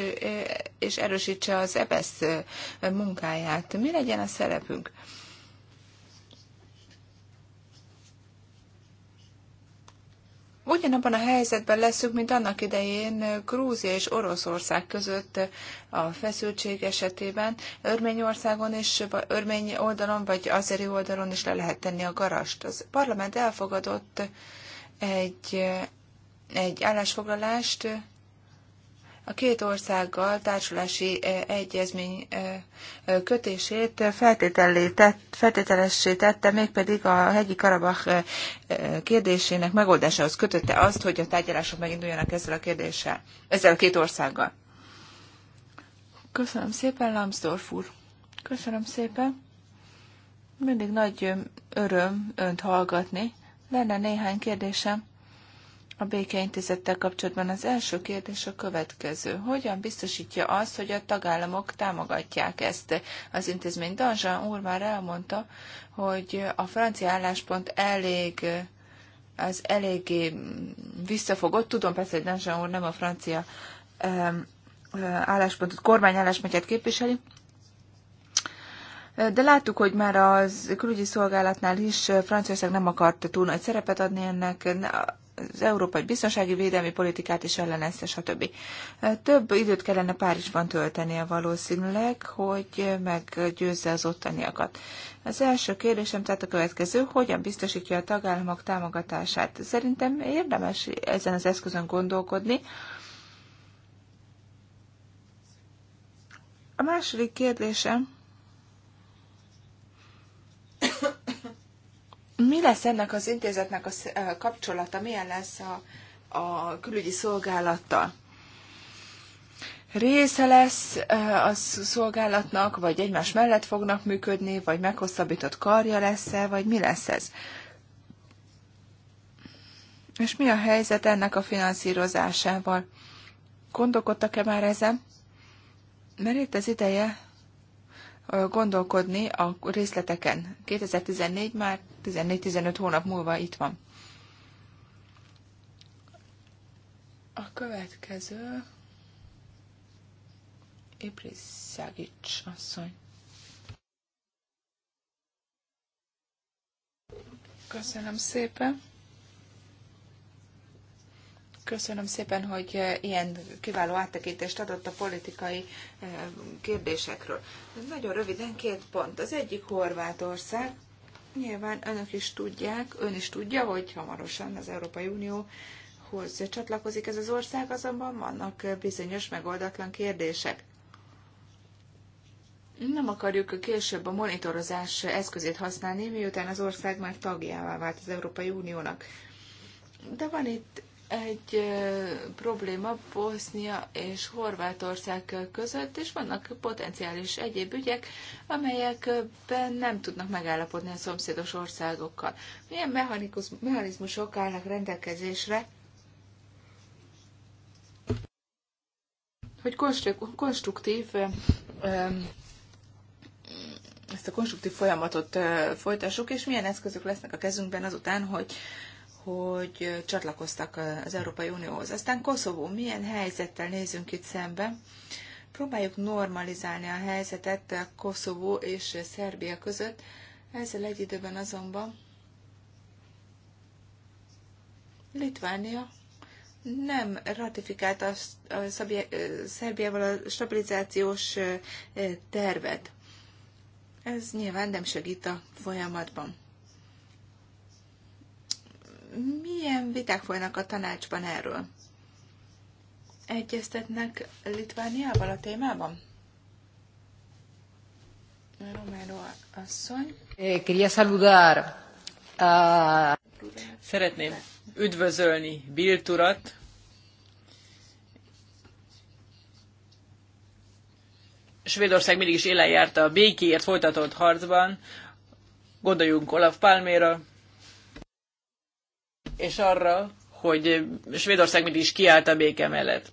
és erősítse az EBSZ e munkáját? Mi legyen a szerepünk? Ugyanabban a helyzetben leszünk, mint annak idején Grúzia és Oroszország között a feszültség esetében. Örményországon is, vagy örmény oldalon, vagy azeri oldalon is le lehet tenni a garast. Az parlament elfogadott egy, egy állásfoglalást, a két országgal társulási eh, egyezmény eh, eh, kötését feltételessé tette, mégpedig a hegyi Karabach kérdésének megoldásához kötötte azt, hogy a tárgyalások meginduljanak ezzel a kérdéssel, ezzel a két országgal. Köszönöm szépen, Lambsdorff úr. Köszönöm szépen. Mindig nagy öröm önt hallgatni. Lenne néhány kérdésem a békeintézettel kapcsolatban az első kérdés a következő. Hogyan biztosítja azt, hogy a tagállamok támogatják ezt az intézményt? Danzsán úr már elmondta, hogy a francia álláspont elég az eléggé visszafogott. Tudom persze, hogy Danzsán úr nem a francia álláspontot, kormány álláspontját képviseli, de láttuk, hogy már az külügyi szolgálatnál is Franciaország nem akart túl nagy szerepet adni ennek az európai biztonsági védelmi politikát is ellenezte, stb. Több időt kellene Párizsban töltenie valószínűleg, hogy meggyőzze az ottaniakat. Az első kérdésem tehát a következő, hogyan biztosítja a tagállamok támogatását? Szerintem érdemes ezen az eszközön gondolkodni. A második kérdésem, Mi lesz ennek az intézetnek a kapcsolata, milyen lesz a, a külügyi szolgálattal? része lesz a szolgálatnak, vagy egymás mellett fognak működni, vagy meghosszabbított karja lesz-e, vagy mi lesz ez? És mi a helyzet ennek a finanszírozásával? Gondolkodtak-e már ezen? Mert itt az ideje gondolkodni a részleteken. 2014 már 14-15 hónap múlva itt van. A következő Ibris Szagics asszony. Köszönöm szépen. Köszönöm szépen, hogy eh, ilyen kiváló áttekintést adott a politikai eh, kérdésekről. Nagyon röviden két pont. Az egyik Horvátország. Nyilván önök is tudják, ön is tudja, hogy hamarosan az Európai Unióhoz csatlakozik ez az ország, azonban vannak eh, bizonyos megoldatlan kérdések. Nem akarjuk később a monitorozás eszközét használni, miután az ország már tagjává vált az Európai Uniónak. De van itt egy probléma Bosznia és Horvátország között, és vannak potenciális egyéb ügyek, amelyekben nem tudnak megállapodni a szomszédos országokkal. Milyen mechanizmusok állnak rendelkezésre, hogy konstruktív ezt a konstruktív folyamatot folytassuk, és milyen eszközök lesznek a kezünkben azután, hogy hogy csatlakoztak az Európai Unióhoz. Aztán Koszovó, milyen helyzettel nézünk itt szembe? Próbáljuk normalizálni a helyzetet Koszovó és Szerbia között, ezzel egy időben azonban Litvánia nem ratifikálta a Szerbiával a stabilizációs eh, tervet. Ez nyilván nem segít a folyamatban. Milyen viták folynak a tanácsban erről? Egyeztetnek Litvániával a témában? Romero asszony. Eh, quería saludar. Szeretném üdvözölni Bilturat. Svédország mindig is élen járta a békéért folytatott harcban. Gondoljunk Olaf Palméra, és arra, hogy Svédország mindig is kiállt a béke mellett.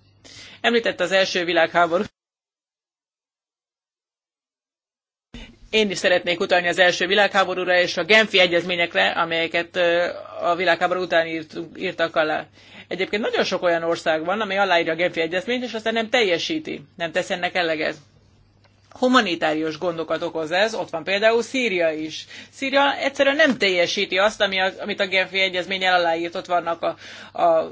Említette az első világháború. Én is szeretnék utalni az első világháborúra és a Genfi egyezményekre, amelyeket a világháború után írt, írtak alá. Egyébként nagyon sok olyan ország van, amely aláírja a Genfi egyezményt, és aztán nem teljesíti, nem tesz ennek eleget humanitárius gondokat okoz ez, ott van például Szíria is. Szíria egyszerűen nem teljesíti azt, ami a, amit a Genfi Egyezmény aláírt, ott vannak a, a, a,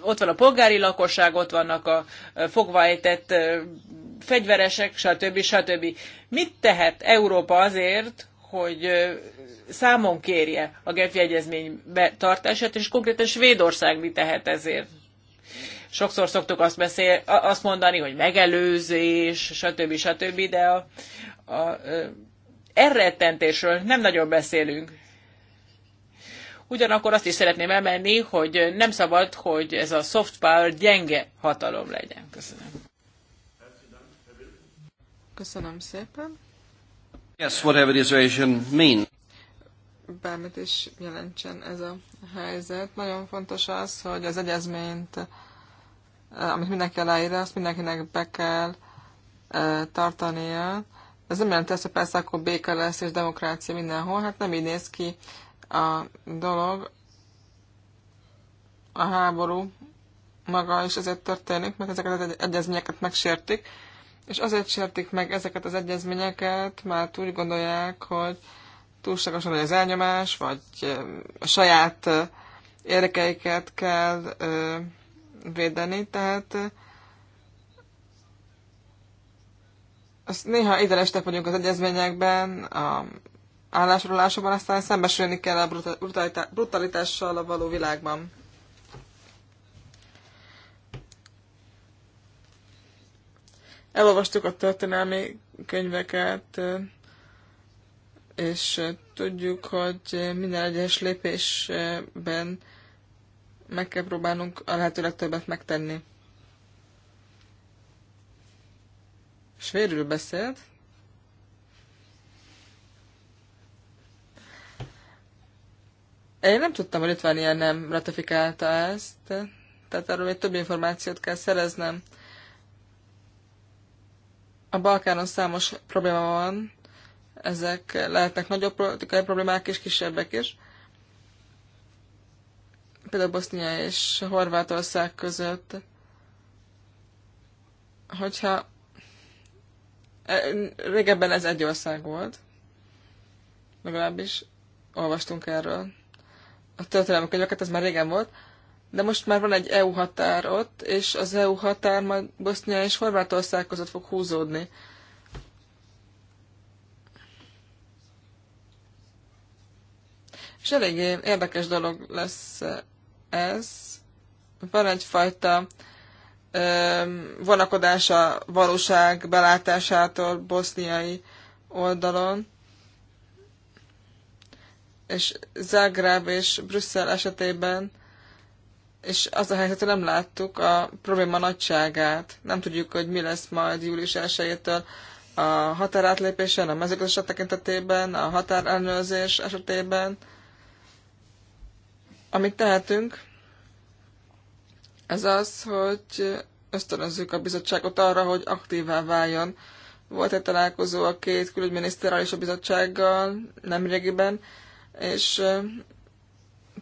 ott van a polgári lakosság, ott vannak a fogvaejtett fegyveresek, stb. stb. Mit tehet Európa azért, hogy számon kérje a Genfi Egyezmény betartását, és konkrétan Svédország mit tehet ezért? Sokszor szoktuk azt, beszél, azt mondani, hogy megelőzés, stb. stb., de a, a, a elrettentésről nem nagyon beszélünk. Ugyanakkor azt is szeretném emelni, hogy nem szabad, hogy ez a soft power gyenge hatalom legyen. Köszönöm. Köszönöm szépen. Yes, whatever this mean. Bármit is jelentsen ez a helyzet. Nagyon fontos az, hogy az egyezményt amit mindenki aláír, azt mindenkinek be kell tartania. Ez nem jelenti azt, hogy persze akkor béke lesz és demokrácia mindenhol, hát nem így néz ki a dolog. A háború maga is ezért történik, mert ezeket az egyezményeket megsértik, és azért sértik meg ezeket az egyezményeket, mert úgy gondolják, hogy túlságosan vagy az elnyomás, vagy a saját érdekeiket kell védeni, tehát azt néha idegestek vagyunk az egyezményekben, a állásrólásokban, aztán szembesülni kell a brutalitással a való világban. Elolvastuk a történelmi könyveket, és tudjuk, hogy minden egyes lépésben meg kell próbálnunk a lehető legtöbbet megtenni. Svédül beszélt. Én nem tudtam, hogy Litvánia nem ratifikálta ezt, tehát arról még több információt kell szereznem. A Balkánon számos probléma van, ezek lehetnek nagyobb politikai problémák is kisebbek is például Bosznia és Horvátország között, hogyha e, régebben ez egy ország volt, legalábbis olvastunk erről a történelmi könyveket, ez már régen volt, de most már van egy EU határ ott, és az EU határ majd Bosznia és Horvátország között fog húzódni. És eléggé érdekes dolog lesz ez van egyfajta vonakodása valóság belátásától boszniai oldalon, és Zágráb és Brüsszel esetében, és az a helyzet, hogy nem láttuk a probléma nagyságát. Nem tudjuk, hogy mi lesz majd július 1 a határátlépésen, a mezőgazdaság tekintetében, a határellenőrzés esetében. Amit tehetünk, ez az, hogy ösztönözzük a bizottságot arra, hogy aktívá váljon. Volt egy találkozó a két külügyminiszterrel és a bizottsággal nemrégiben, és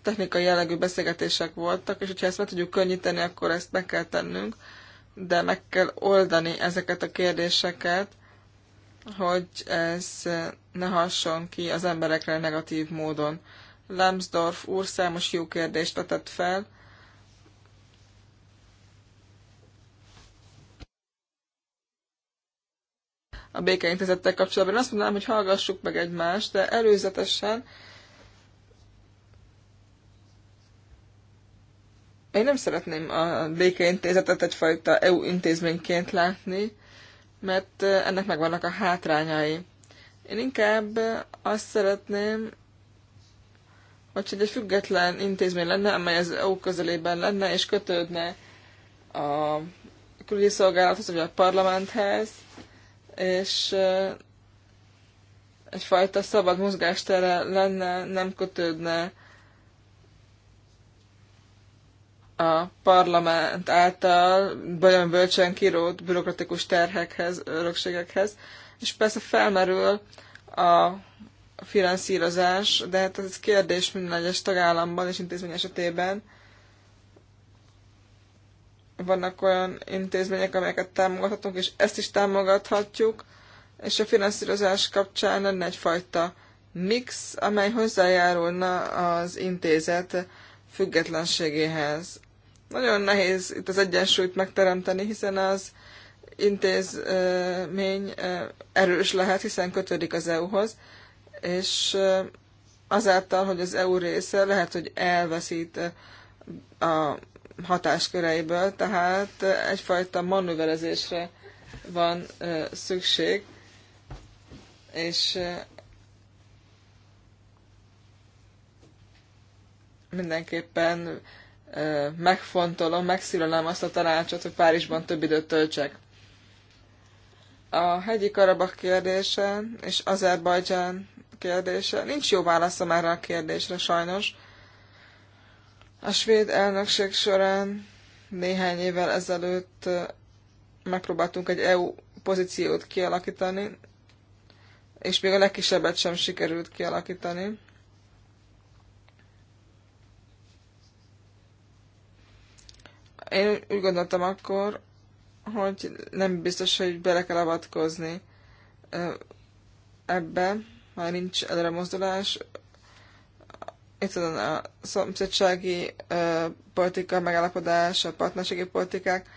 technikai jellegű beszélgetések voltak, és hogyha ezt meg tudjuk könnyíteni, akkor ezt meg kell tennünk, de meg kell oldani ezeket a kérdéseket, hogy ez ne hasson ki az emberekre negatív módon. Lambsdorff úr számos jó kérdést vetett fel. a békeintézettel kapcsolatban. Én azt mondanám, hogy hallgassuk meg egymást, de előzetesen én nem szeretném a békeintézetet egyfajta EU intézményként látni, mert ennek megvannak a hátrányai. Én inkább azt szeretném, hogy egy független intézmény lenne, amely az EU közelében lenne, és kötődne a külügyi szolgálathoz, vagy a parlamenthez, és egyfajta szabad mozgástere lenne, nem kötődne a parlament által olyan bölcsen kirót bürokratikus terhekhez, örökségekhez, és persze felmerül a finanszírozás, de hát ez kérdés minden egyes tagállamban és intézmény esetében. Vannak olyan intézmények, amelyeket támogathatunk, és ezt is támogathatjuk, és a finanszírozás kapcsán lenne egyfajta mix, amely hozzájárulna az intézet függetlenségéhez. Nagyon nehéz itt az egyensúlyt megteremteni, hiszen az intézmény erős lehet, hiszen kötődik az EU-hoz, és azáltal, hogy az EU része lehet, hogy elveszít a hatásköreiből, tehát egyfajta manőverezésre van szükség, és mindenképpen megfontolom, megszívelem azt a tanácsot, hogy Párizsban több időt töltsek. A hegyi Karabak kérdése és Azerbajdzsán kérdése. Nincs jó válaszom erre a kérdésre sajnos. A svéd elnökség során néhány évvel ezelőtt megpróbáltunk egy EU pozíciót kialakítani, és még a legkisebbet sem sikerült kialakítani. Én úgy gondoltam akkor, hogy nem biztos, hogy bele kell avatkozni ebbe már nincs előre mozdulás. Itt van a szomszédsági uh, politika, megállapodás, a partnerségi politikák.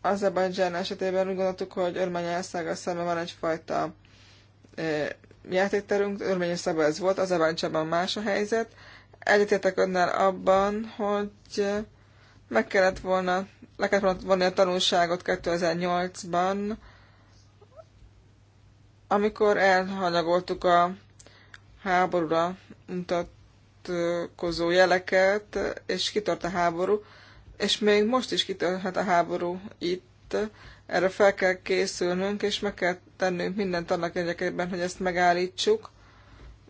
Azerbajdzsán esetében úgy gondoltuk, hogy Örményországgal szemben van egyfajta uh, játékterünk, Örményországban ez volt, Azerbajdzsánban más a helyzet. Egyetértek önnel abban, hogy meg kellett volna, le kellett volna vonni a tanulságot 2008-ban, amikor elhanyagoltuk a háborúra mutatkozó jeleket, és kitart a háború, és még most is kitörhet a háború itt, erre fel kell készülnünk, és meg kell tennünk mindent annak érdekében, hogy ezt megállítsuk,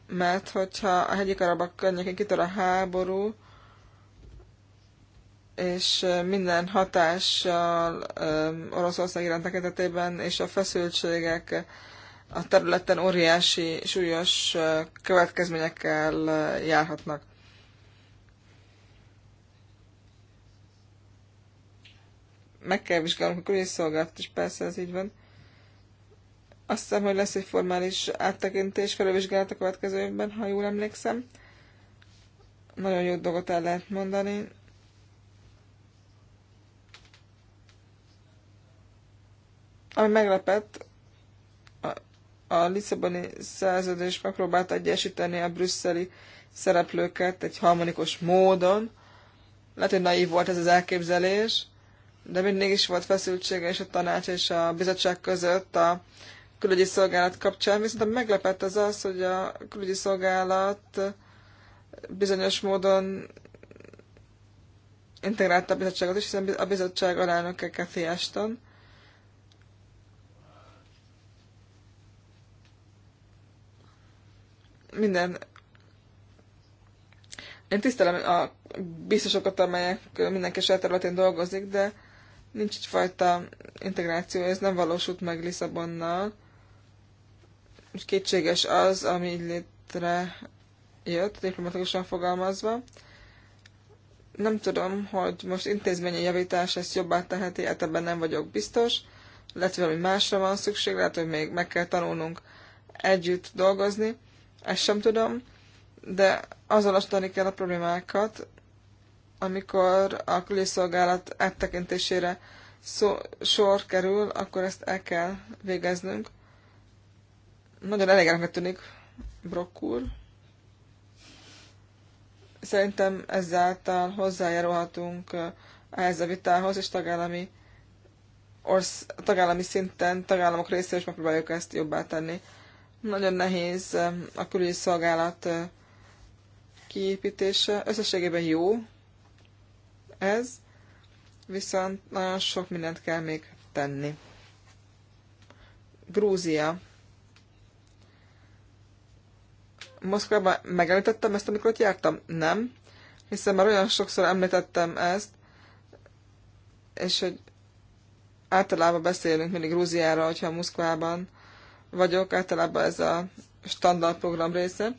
mert hogyha a hegyi karabak környékén kitör a háború, és minden hatással Oroszország iránt tekintetében és a feszültségek a területen óriási, súlyos következményekkel járhatnak. Meg kell vizsgálnunk a külügyszolgálatot, és persze ez így van. Azt hiszem, hogy lesz egy formális áttekintés, felülvizsgálat a következő évben, ha jól emlékszem. Nagyon jó dolgot el lehet mondani. Ami meglepett, a Lisszaboni szerződés megpróbált egyesíteni a brüsszeli szereplőket egy harmonikus módon. Lehet, hogy naív volt ez az elképzelés, de mindig is volt feszültsége és a tanács és a bizottság között a külügyi szolgálat kapcsán, viszont a meglepett az az, hogy a külügyi szolgálat bizonyos módon integrálta a bizottságot is, hiszen a bizottság alelnöke Kathy Ashton, minden én tisztelem a biztosokat, amelyek mindenki saját területén dolgozik, de nincs egyfajta integráció, ez nem valósult meg Lisszabonnal. És kétséges az, ami így létre jött, diplomatikusan fogalmazva. Nem tudom, hogy most intézményi javítás ezt jobbá teheti, hát ebben nem vagyok biztos. Lehet, hogy valami másra van szükség, lehet, hogy még meg kell tanulnunk együtt dolgozni. Ezt sem tudom, de azonosítani kell a problémákat, amikor a külszolgálat áttekintésére szó, sor kerül, akkor ezt el kell végeznünk. Nagyon elégednek tűnik Brock úr. Szerintem ezáltal hozzájárulhatunk ehhez a vitához, és tagállami, orsz, tagállami szinten, tagállamok részéről is megpróbáljuk ezt jobbá tenni. Nagyon nehéz a külügyi szolgálat kiépítése. Összességében jó ez, viszont nagyon sok mindent kell még tenni. Grúzia. Moszkvában megemlítettem ezt, amikor ott jártam? Nem. Hiszen már olyan sokszor említettem ezt, és hogy általában beszélünk mindig Grúziára, hogyha Moszkvában vagyok, általában ez a standard program része.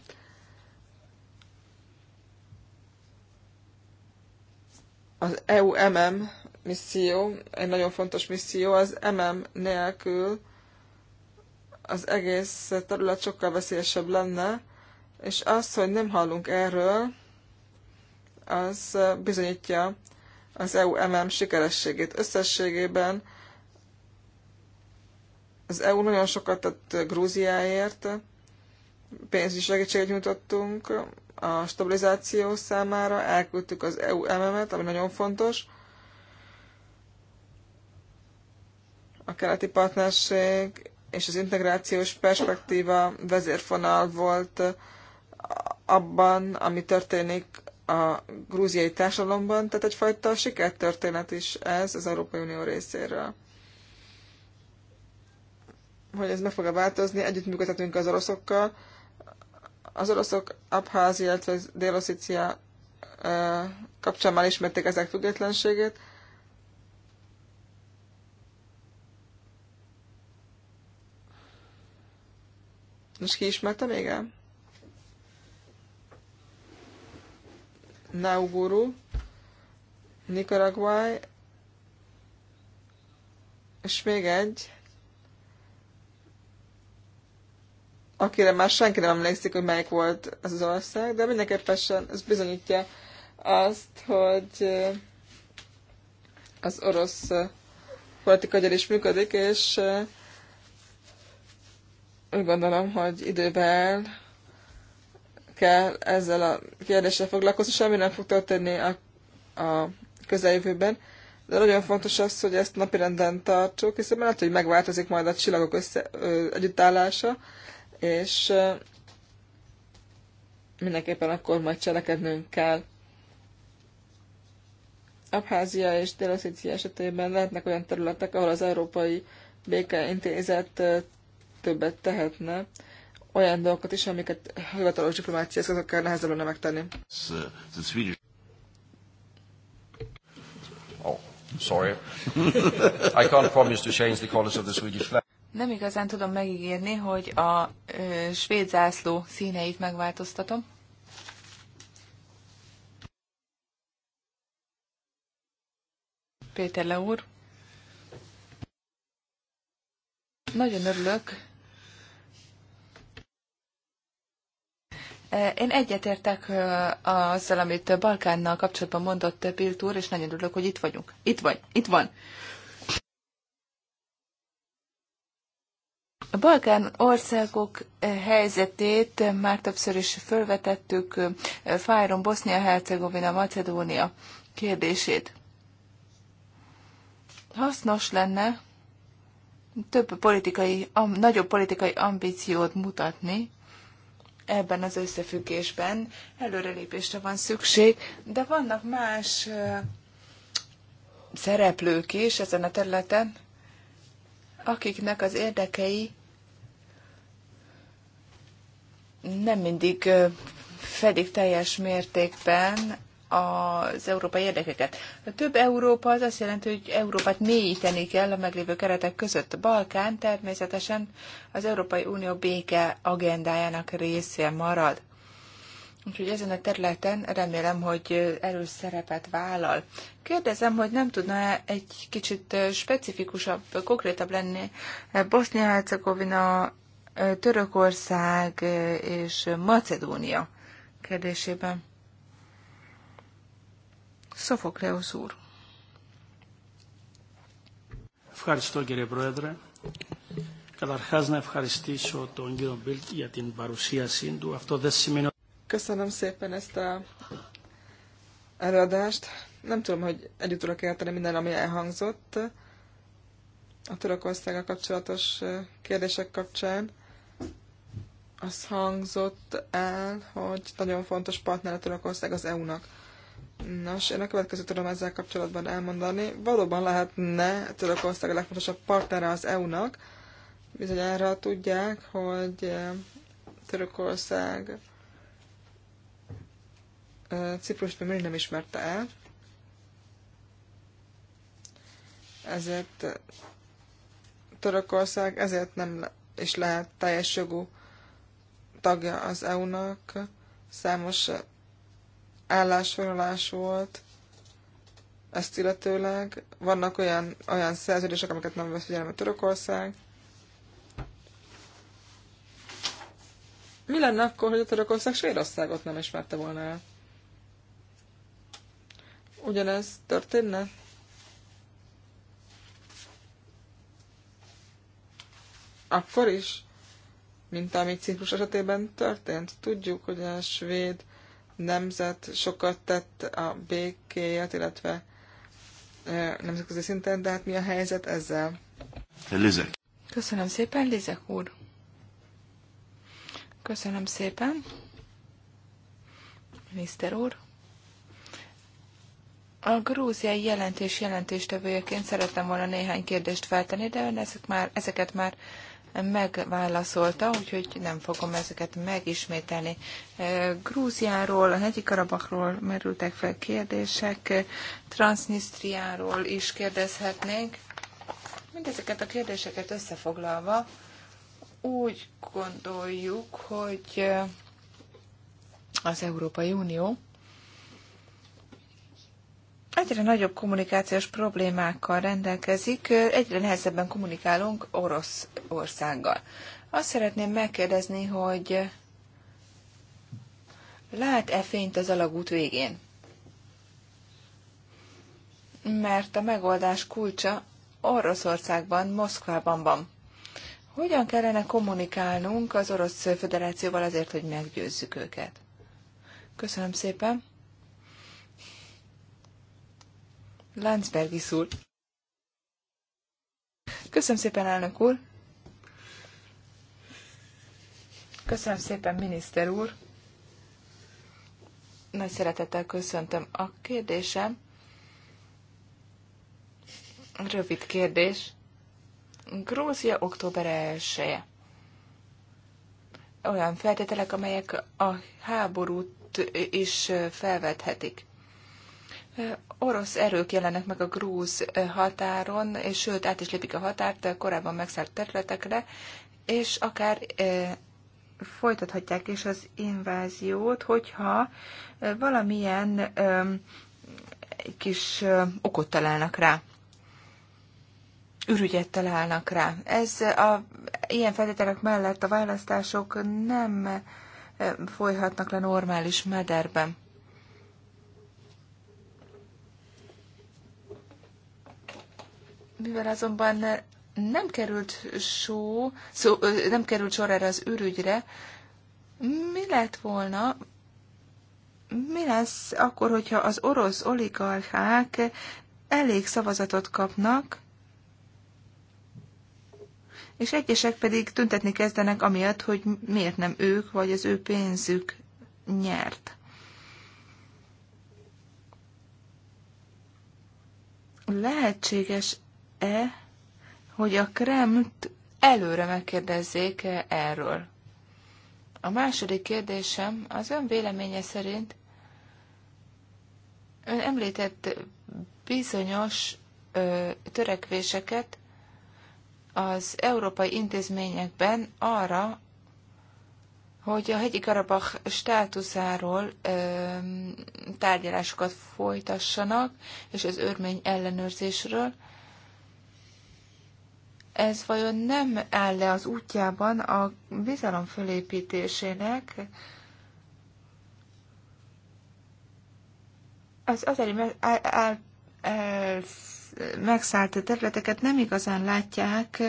Az EU-MM misszió, egy nagyon fontos misszió, az MM nélkül az egész terület sokkal veszélyesebb lenne, és az, hogy nem hallunk erről, az bizonyítja az EU MM sikerességét. Összességében az EU nagyon sokat tett Grúziáért, pénzügyi segítséget nyújtottunk a stabilizáció számára, elküldtük az EU MM-et, ami nagyon fontos. A keleti partnerség és az integrációs perspektíva vezérfonal volt abban, ami történik a grúziai társadalomban, tehát egyfajta sikertörténet is ez az Európai Unió részéről hogy ez meg fog -e változni, együttműködhetünk az oroszokkal. Az oroszok Abház, illetve Déloszícia kapcsán már ismerték ezek függetlenségét. És ki ismerte még el? Nauguru, Nicaraguay, és még egy, akire már senki nem emlékszik, hogy melyik volt ez az ország, de mindenképpen ez bizonyítja azt, hogy az orosz politika is működik, és úgy gondolom, hogy idővel kell ezzel a kérdéssel foglalkozni, semmi nem fog történni a, a közeljövőben, de nagyon fontos az, hogy ezt napirenden tartsuk, hiszen lehet, hogy megváltozik majd a csillagok össze, ö, együttállása, és mindenképpen akkor majd cselekednünk kell. Abházia és dél esetében lehetnek olyan területek, ahol az Európai Békeintézet többet tehetne, olyan dolgokat is, amiket hivatalos diplomáciai eszközökkel nehezebb lenne megtenni. Uh, oh, sorry. I can't promise to change the colors of the Swedish flag. Nem igazán tudom megígérni, hogy a ö, svéd zászló színeit megváltoztatom. Péter Le úr. Nagyon örülök. Én egyetértek azzal, amit Balkánnal kapcsolatban mondott Pilt úr, és nagyon örülök, hogy itt vagyunk. Itt vagy, itt van. A Balkán országok eh, helyzetét már többször is felvetettük, eh, Fájron, Bosznia-Hercegovina, Macedónia kérdését. Hasznos lenne több politikai, nagyobb politikai ambíciót mutatni ebben az összefüggésben. Előrelépésre van szükség, de vannak más eh, szereplők is ezen a területen, akiknek az érdekei nem mindig fedik teljes mértékben az európai érdekeket. A több Európa az azt jelenti, hogy Európát mélyíteni kell a meglévő keretek között. A Balkán természetesen az Európai Unió béke agendájának része marad. Úgyhogy ezen a területen remélem, hogy erős szerepet vállal. Kérdezem, hogy nem tudna -e egy kicsit specifikusabb, konkrétabb lenni Bosznia-Hercegovina, Törökország és Macedónia kérdésében. Szofokleusz úr. Ευχαριστώ κύριε Πρόεδρε. Καταρχάς να ευχαριστήσω τον κύριο Μπίλτ για την παρουσίασή του. Αυτό δεν σημαίνει... Köszönöm szépen ezt a előadást. Nem tudom, hogy együtt tudok érteni minden, ami elhangzott a Törökországgal kapcsolatos kérdések kapcsán. Az hangzott el, hogy nagyon fontos partner a Törökország az EU-nak. Nos, én a következő tudom ezzel kapcsolatban elmondani. Valóban lehetne Törökország a legfontosabb partnere az EU-nak. Bizonyára tudják, hogy Törökország Ciprust még nem ismerte el. ezért Törökország ezért nem is lehet teljes jogú tagja az EU-nak. Számos állásfoglalás volt ezt illetőleg. Vannak olyan, olyan szerződések, amiket nem vesz figyelembe Törökország. Mi lenne akkor, hogy a Törökország Svédországot nem ismerte volna el? Ugyanez történne? akkor is, mint ami Ciprus esetében történt. Tudjuk, hogy a svéd nemzet sokat tett a békéért, illetve nemzetközi szinten, de hát mi a helyzet ezzel? Lizek. Köszönöm szépen, Lizek úr. Köszönöm szépen, miniszter úr. A grúziai jelentés jelentéstevőjeként szerettem volna néhány kérdést feltenni, de ön ezek már, ezeket már megválaszolta, úgyhogy nem fogom ezeket megismételni. Grúziáról, a hegyi Karabachról merültek fel kérdések, Transnistriáról is kérdezhetnénk. Mindezeket a kérdéseket összefoglalva úgy gondoljuk, hogy az Európai Unió egyre nagyobb kommunikációs problémákkal rendelkezik, egyre nehezebben kommunikálunk Oroszországgal. Azt szeretném megkérdezni, hogy lát-e fényt az alagút végén? Mert a megoldás kulcsa Oroszországban, Moszkvában van. Hogyan kellene kommunikálnunk az Orosz Föderációval azért, hogy meggyőzzük őket? Köszönöm szépen! Landsbergi szúr. Köszönöm szépen, elnök úr. Köszönöm szépen, miniszter úr. Nagy szeretettel köszöntöm a kérdésem. Rövid kérdés. Grúzia október 1 -e. Olyan feltételek, amelyek a háborút is felvethetik. Orosz erők jelennek meg a grúz határon, és sőt, át is lépik a határt korábban megszállt területekre, és akár folytathatják is az inváziót, hogyha valamilyen kis okot találnak rá, ürügyet találnak rá. Ez a, ilyen feltételek mellett a választások nem folyhatnak le normális mederben. Mivel azonban nem került, só, szó, nem került sor erre az ürügyre, mi lett volna, mi lesz akkor, hogyha az orosz oligarchák elég szavazatot kapnak, és egyesek pedig tüntetni kezdenek amiatt, hogy miért nem ők, vagy az ő pénzük nyert. Lehetséges e, hogy a Kremlt előre megkérdezzék -e erről. A második kérdésem az ön véleménye szerint ön említett bizonyos ö, törekvéseket az európai intézményekben arra, hogy a hegyi Karabach státuszáról ö, tárgyalásokat folytassanak, és az örmény ellenőrzésről ez vajon nem áll le az útjában a bizalom fölépítésének, az azért megszállt területeket nem igazán látják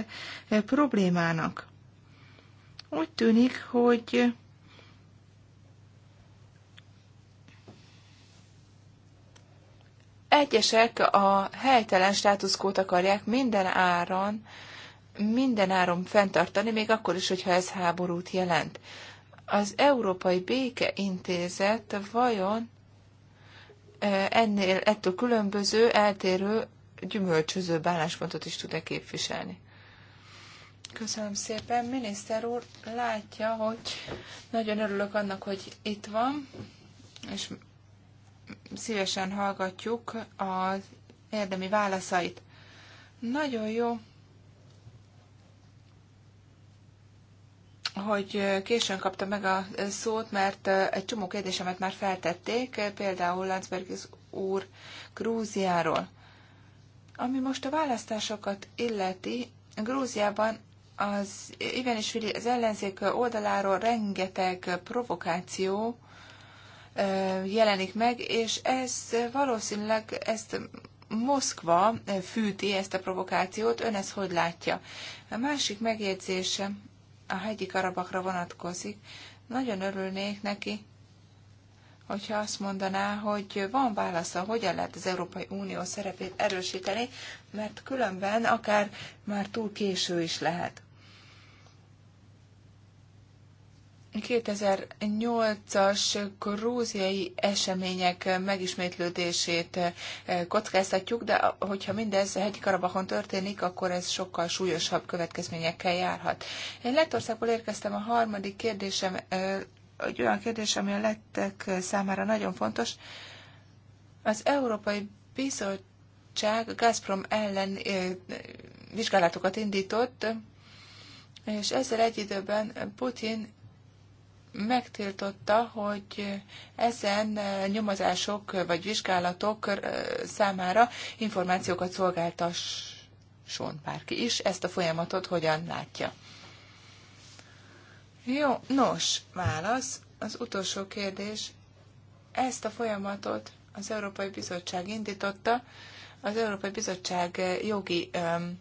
eh, problémának. Úgy tűnik, hogy egyesek a helytelen státuszkót akarják minden áron, áron fenntartani, még akkor is, hogyha ez háborút jelent. Az Európai Békeintézet vajon e, ennél ettől különböző, eltérő, gyümölcsöző álláspontot is tud-e képviselni? Köszönöm szépen. Miniszter úr látja, hogy nagyon örülök annak, hogy itt van, és szívesen hallgatjuk az érdemi válaszait. Nagyon jó hogy későn kaptam meg a szót, mert egy csomó kérdésemet már feltették, például Landsbergis úr Grúziáról. Ami most a választásokat illeti, Grúziában az Ivanisvili az ellenzék oldaláról rengeteg provokáció jelenik meg, és ez valószínűleg ezt Moszkva fűti ezt a provokációt, ön ezt hogy látja? A másik megjegyzésem a hegyi karabakra vonatkozik. Nagyon örülnék neki, hogyha azt mondaná, hogy van válasza, hogyan lehet az Európai Unió szerepét erősíteni, mert különben akár már túl késő is lehet. 2008-as grúziai események megismétlődését eh, kockáztatjuk, de hogyha mindez hegyi Karabachon történik, akkor ez sokkal súlyosabb következményekkel járhat. Én Lettországból érkeztem a harmadik kérdésem, eh, egy olyan kérdés, ami a lettek számára nagyon fontos. Az Európai Bizottság Gazprom ellen eh, vizsgálatokat indított, és ezzel egy időben Putin megtiltotta, hogy ezen nyomozások vagy vizsgálatok számára információkat szolgáltasson bárki is. Ezt a folyamatot hogyan látja? Jó, nos, válasz. Az utolsó kérdés. Ezt a folyamatot az Európai Bizottság indította. Az Európai Bizottság jogi öm,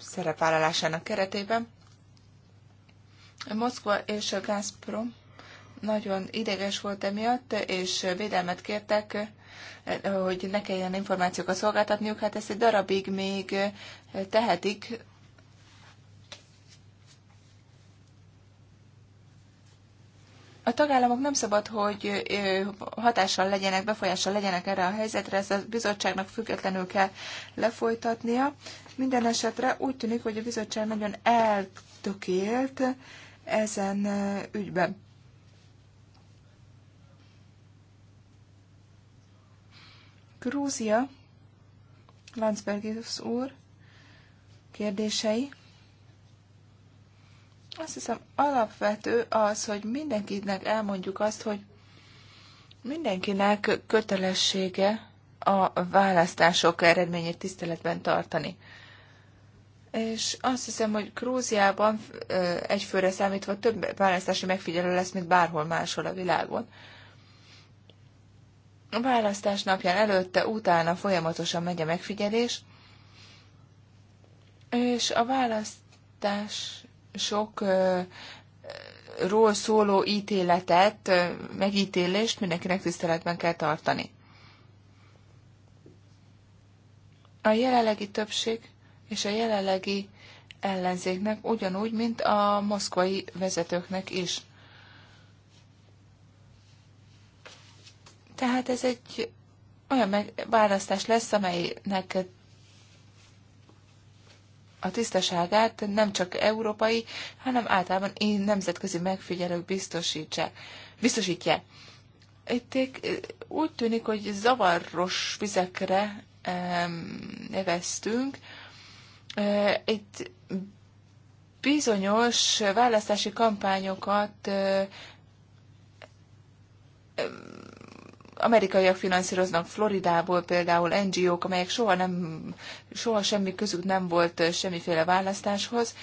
szerepvállalásának keretében Moszkva és Gazprom nagyon ideges volt emiatt, és védelmet kértek, hogy ne kelljen információkat szolgáltatniuk. Hát ezt egy darabig még tehetik, A tagállamok nem szabad, hogy hatással legyenek, befolyással legyenek erre a helyzetre, ezt a bizottságnak függetlenül kell lefolytatnia. Minden esetre úgy tűnik, hogy a bizottság nagyon eltökélt, ezen ügyben. Grúzia, Landsbergis úr kérdései. Azt hiszem alapvető az, hogy mindenkinek elmondjuk azt, hogy mindenkinek kötelessége a választások eredményét tiszteletben tartani. És azt hiszem, hogy Grúziában egyfőre számítva több választási megfigyelő lesz, mint bárhol máshol a világon. A választás napján előtte, utána folyamatosan megy a megfigyelés, és a választás sok ról szóló ítéletet, megítélést mindenkinek tiszteletben kell tartani. A jelenlegi többség és a jelenlegi ellenzéknek, ugyanúgy, mint a moszkvai vezetőknek is. Tehát ez egy olyan választás lesz, amelynek a tisztaságát nem csak európai, hanem általában én nemzetközi megfigyelők biztosítja. Itt úgy tűnik, hogy zavaros vizekre neveztünk, itt bizonyos választási kampányokat amerikaiak finanszíroznak Floridából például NGO-k, amelyek soha, nem, soha semmi közük nem volt semmiféle választáshoz.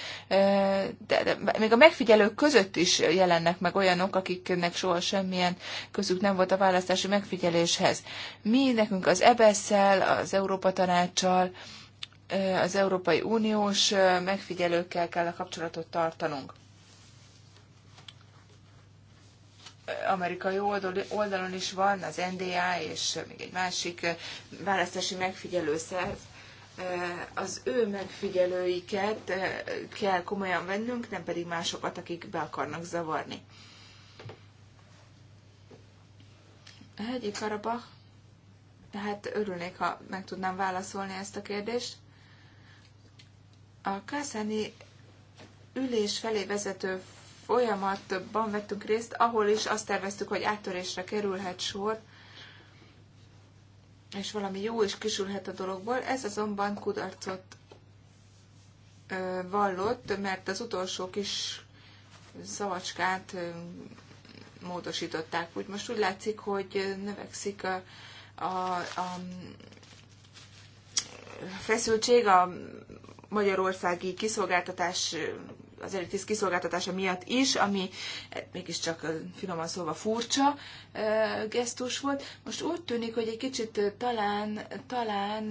De, de még a megfigyelők között is jelennek meg olyanok, akiknek soha semmilyen közük nem volt a választási megfigyeléshez. Mi nekünk az ebs az Európa Tanácssal, az Európai Uniós megfigyelőkkel kell a kapcsolatot tartanunk. Amerikai oldalon is van az NDA és még egy másik választási megfigyelő szerv. Az ő megfigyelőiket kell komolyan vennünk, nem pedig másokat, akik be akarnak zavarni. hegyi Karabach, tehát örülnék, ha meg tudnám válaszolni ezt a kérdést. A kászáni ülés felé vezető folyamatban vettünk részt, ahol is azt terveztük, hogy áttörésre kerülhet sor, és valami jó is kisülhet a dologból. Ez azonban kudarcot vallott, mert az utolsó kis szavacskát módosították. Úgy most úgy látszik, hogy növekszik a, a, a feszültség, a magyarországi kiszolgáltatás, az elitiszt kiszolgáltatása miatt is, ami mégiscsak finoman szólva furcsa gesztus volt. Most úgy tűnik, hogy egy kicsit talán, talán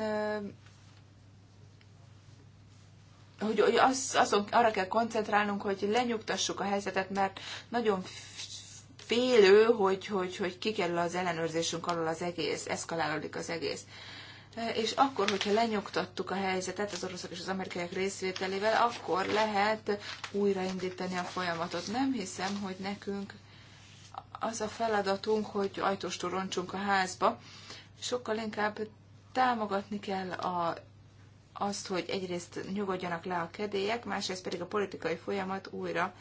hogy, hogy az, azon, arra kell koncentrálnunk, hogy lenyugtassuk a helyzetet, mert nagyon félő, hogy, hogy, hogy kikerül az ellenőrzésünk alól az egész, eszkalálódik az egész. Eh, és akkor, hogyha lenyugtattuk a helyzetet az oroszok és az amerikaiak részvételével, akkor lehet újraindítani a folyamatot. Nem hiszem, hogy nekünk az a feladatunk, hogy ajtóstól roncsunk a házba, sokkal inkább támogatni kell a, azt, hogy egyrészt nyugodjanak le a kedélyek, másrészt pedig a politikai folyamat újra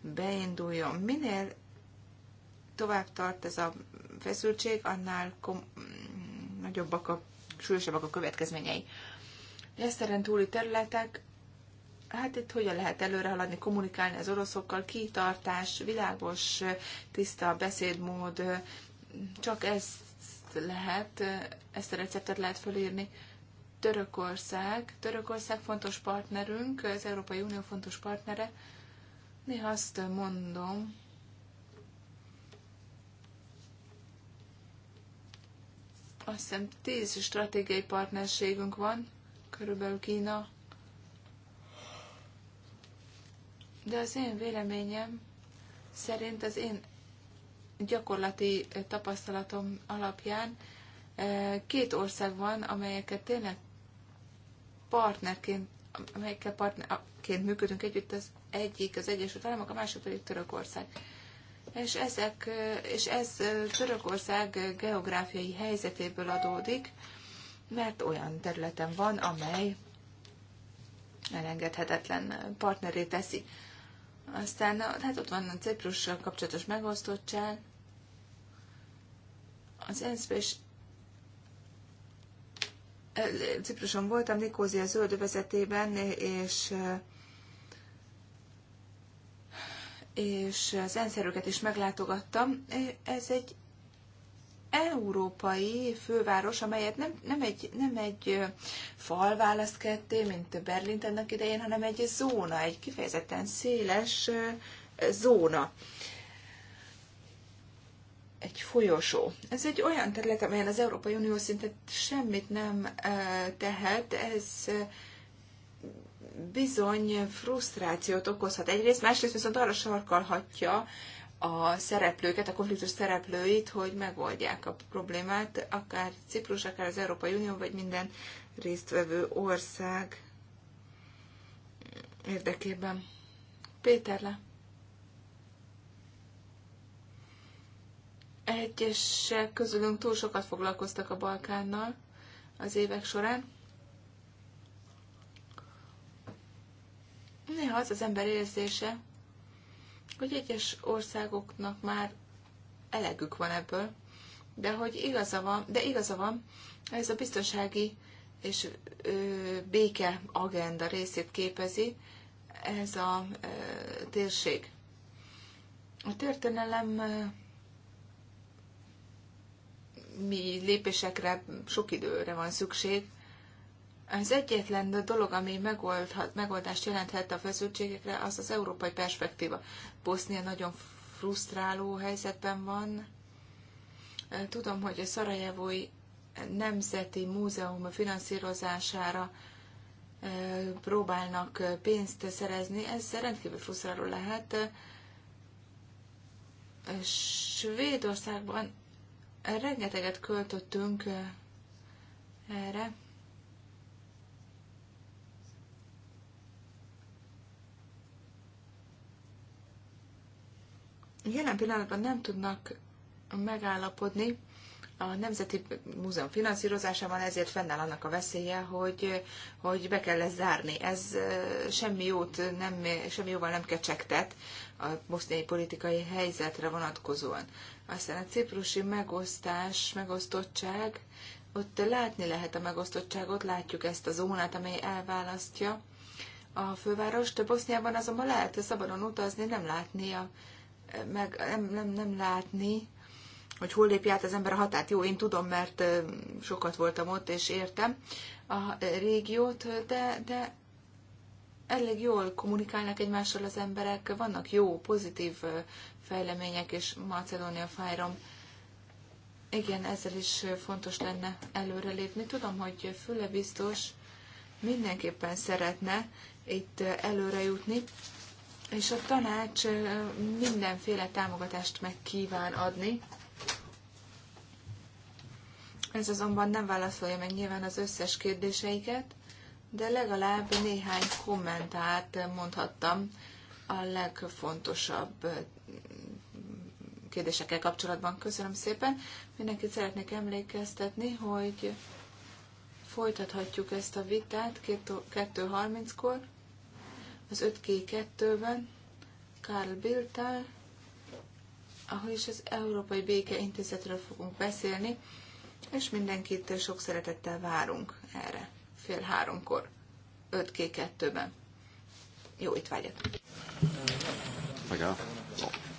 beinduljon. Minél tovább tart ez a feszültség, annál kom- nagyobbak a súlyosabbak a következményei. Eszteren túli területek, hát itt hogyan lehet előre haladni, kommunikálni az oroszokkal, kitartás, világos, tiszta beszédmód, csak ezt lehet, ezt a receptet lehet fölírni. Törökország, Törökország fontos partnerünk, az Európai Unió fontos partnere. Néha azt mondom, Azt hiszem tíz stratégiai partnerségünk van, körülbelül Kína. De az én véleményem szerint az én gyakorlati tapasztalatom alapján eh, két ország van, amelyeket tényleg partnerként, amelyekkel partnerként működünk együtt, az egyik az Egyesült Államok, a másik pedig Törökország és, ezek, és ez Törökország geográfiai helyzetéből adódik, mert olyan területen van, amely elengedhetetlen partneré teszi. Aztán hát ott van a Ciprussal kapcsolatos megosztottság, az ENSZ és Cipruson voltam, Nikózia zöld vezetében, és és az enszerőket is meglátogattam. E, ez egy európai főváros, amelyet nem, nem, egy, nem egy fal választ ketté, mint Berlint ennek idején, hanem egy zóna, egy kifejezetten széles zóna. Egy folyosó. Ez egy olyan terület, amelyen az Európai Unió szinte semmit nem tehet. Ez bizony frusztrációt okozhat egyrészt, másrészt viszont arra sarkalhatja a szereplőket, a konfliktus szereplőit, hogy megoldják a problémát, akár Ciprus, akár az Európai Unió, vagy minden résztvevő ország érdekében. Péter le. Egyesek közülünk túl sokat foglalkoztak a Balkánnal az évek során Néha az az ember érzése, hogy egyes országoknak már elegük van ebből, de hogy igaza van, de igaza van, ez a biztonsági és ö, béke agenda részét képezi ez a ö, térség. A történelem ö, mi lépésekre sok időre van szükség, az egyetlen dolog, ami megoldhat, megoldást jelenthet a feszültségekre, az az európai perspektíva. Bosznia nagyon frusztráló helyzetben van. Tudom, hogy a Szarajevói Nemzeti Múzeum finanszírozására próbálnak pénzt szerezni. Ez rendkívül frusztráló lehet. Svédországban rengeteget költöttünk erre. Jelen pillanatban nem tudnak megállapodni a Nemzeti Múzeum finanszírozásában, ezért fennáll annak a veszélye, hogy, hogy be kell ezt zárni. Ez semmi jót nem, semmi jóval nem kecsegtet a boszniai politikai helyzetre vonatkozóan. Aztán a ciprusi megosztás, megosztottság, ott látni lehet a megosztottságot, látjuk ezt a zónát, amely elválasztja a fővárost. Boszniában azonban lehet szabadon utazni, nem látni a meg nem, nem, nem látni, hogy hol lépj át az ember a határt. Jó, én tudom, mert sokat voltam ott, és értem a régiót, de, de elég jól kommunikálnak egymással az emberek, vannak jó, pozitív fejlemények, és Macedónia fájrom. Igen, ezzel is fontos lenne előrelépni. Tudom, hogy Füle biztos mindenképpen szeretne itt előre jutni, és a tanács mindenféle támogatást megkíván adni. Ez azonban nem válaszolja meg nyilván az összes kérdéseiket, de legalább néhány kommentát mondhattam a legfontosabb kérdésekkel kapcsolatban. Köszönöm szépen. Mindenkit szeretnék emlékeztetni, hogy folytathatjuk ezt a vitát 2.30-kor az 5G2-ben, Karl Bildtal, ahol is az Európai Béke Intézetről fogunk beszélni, és mindenkit sok szeretettel várunk erre, fél háromkor, 5G2-ben. Jó itt étvágyat! Oh.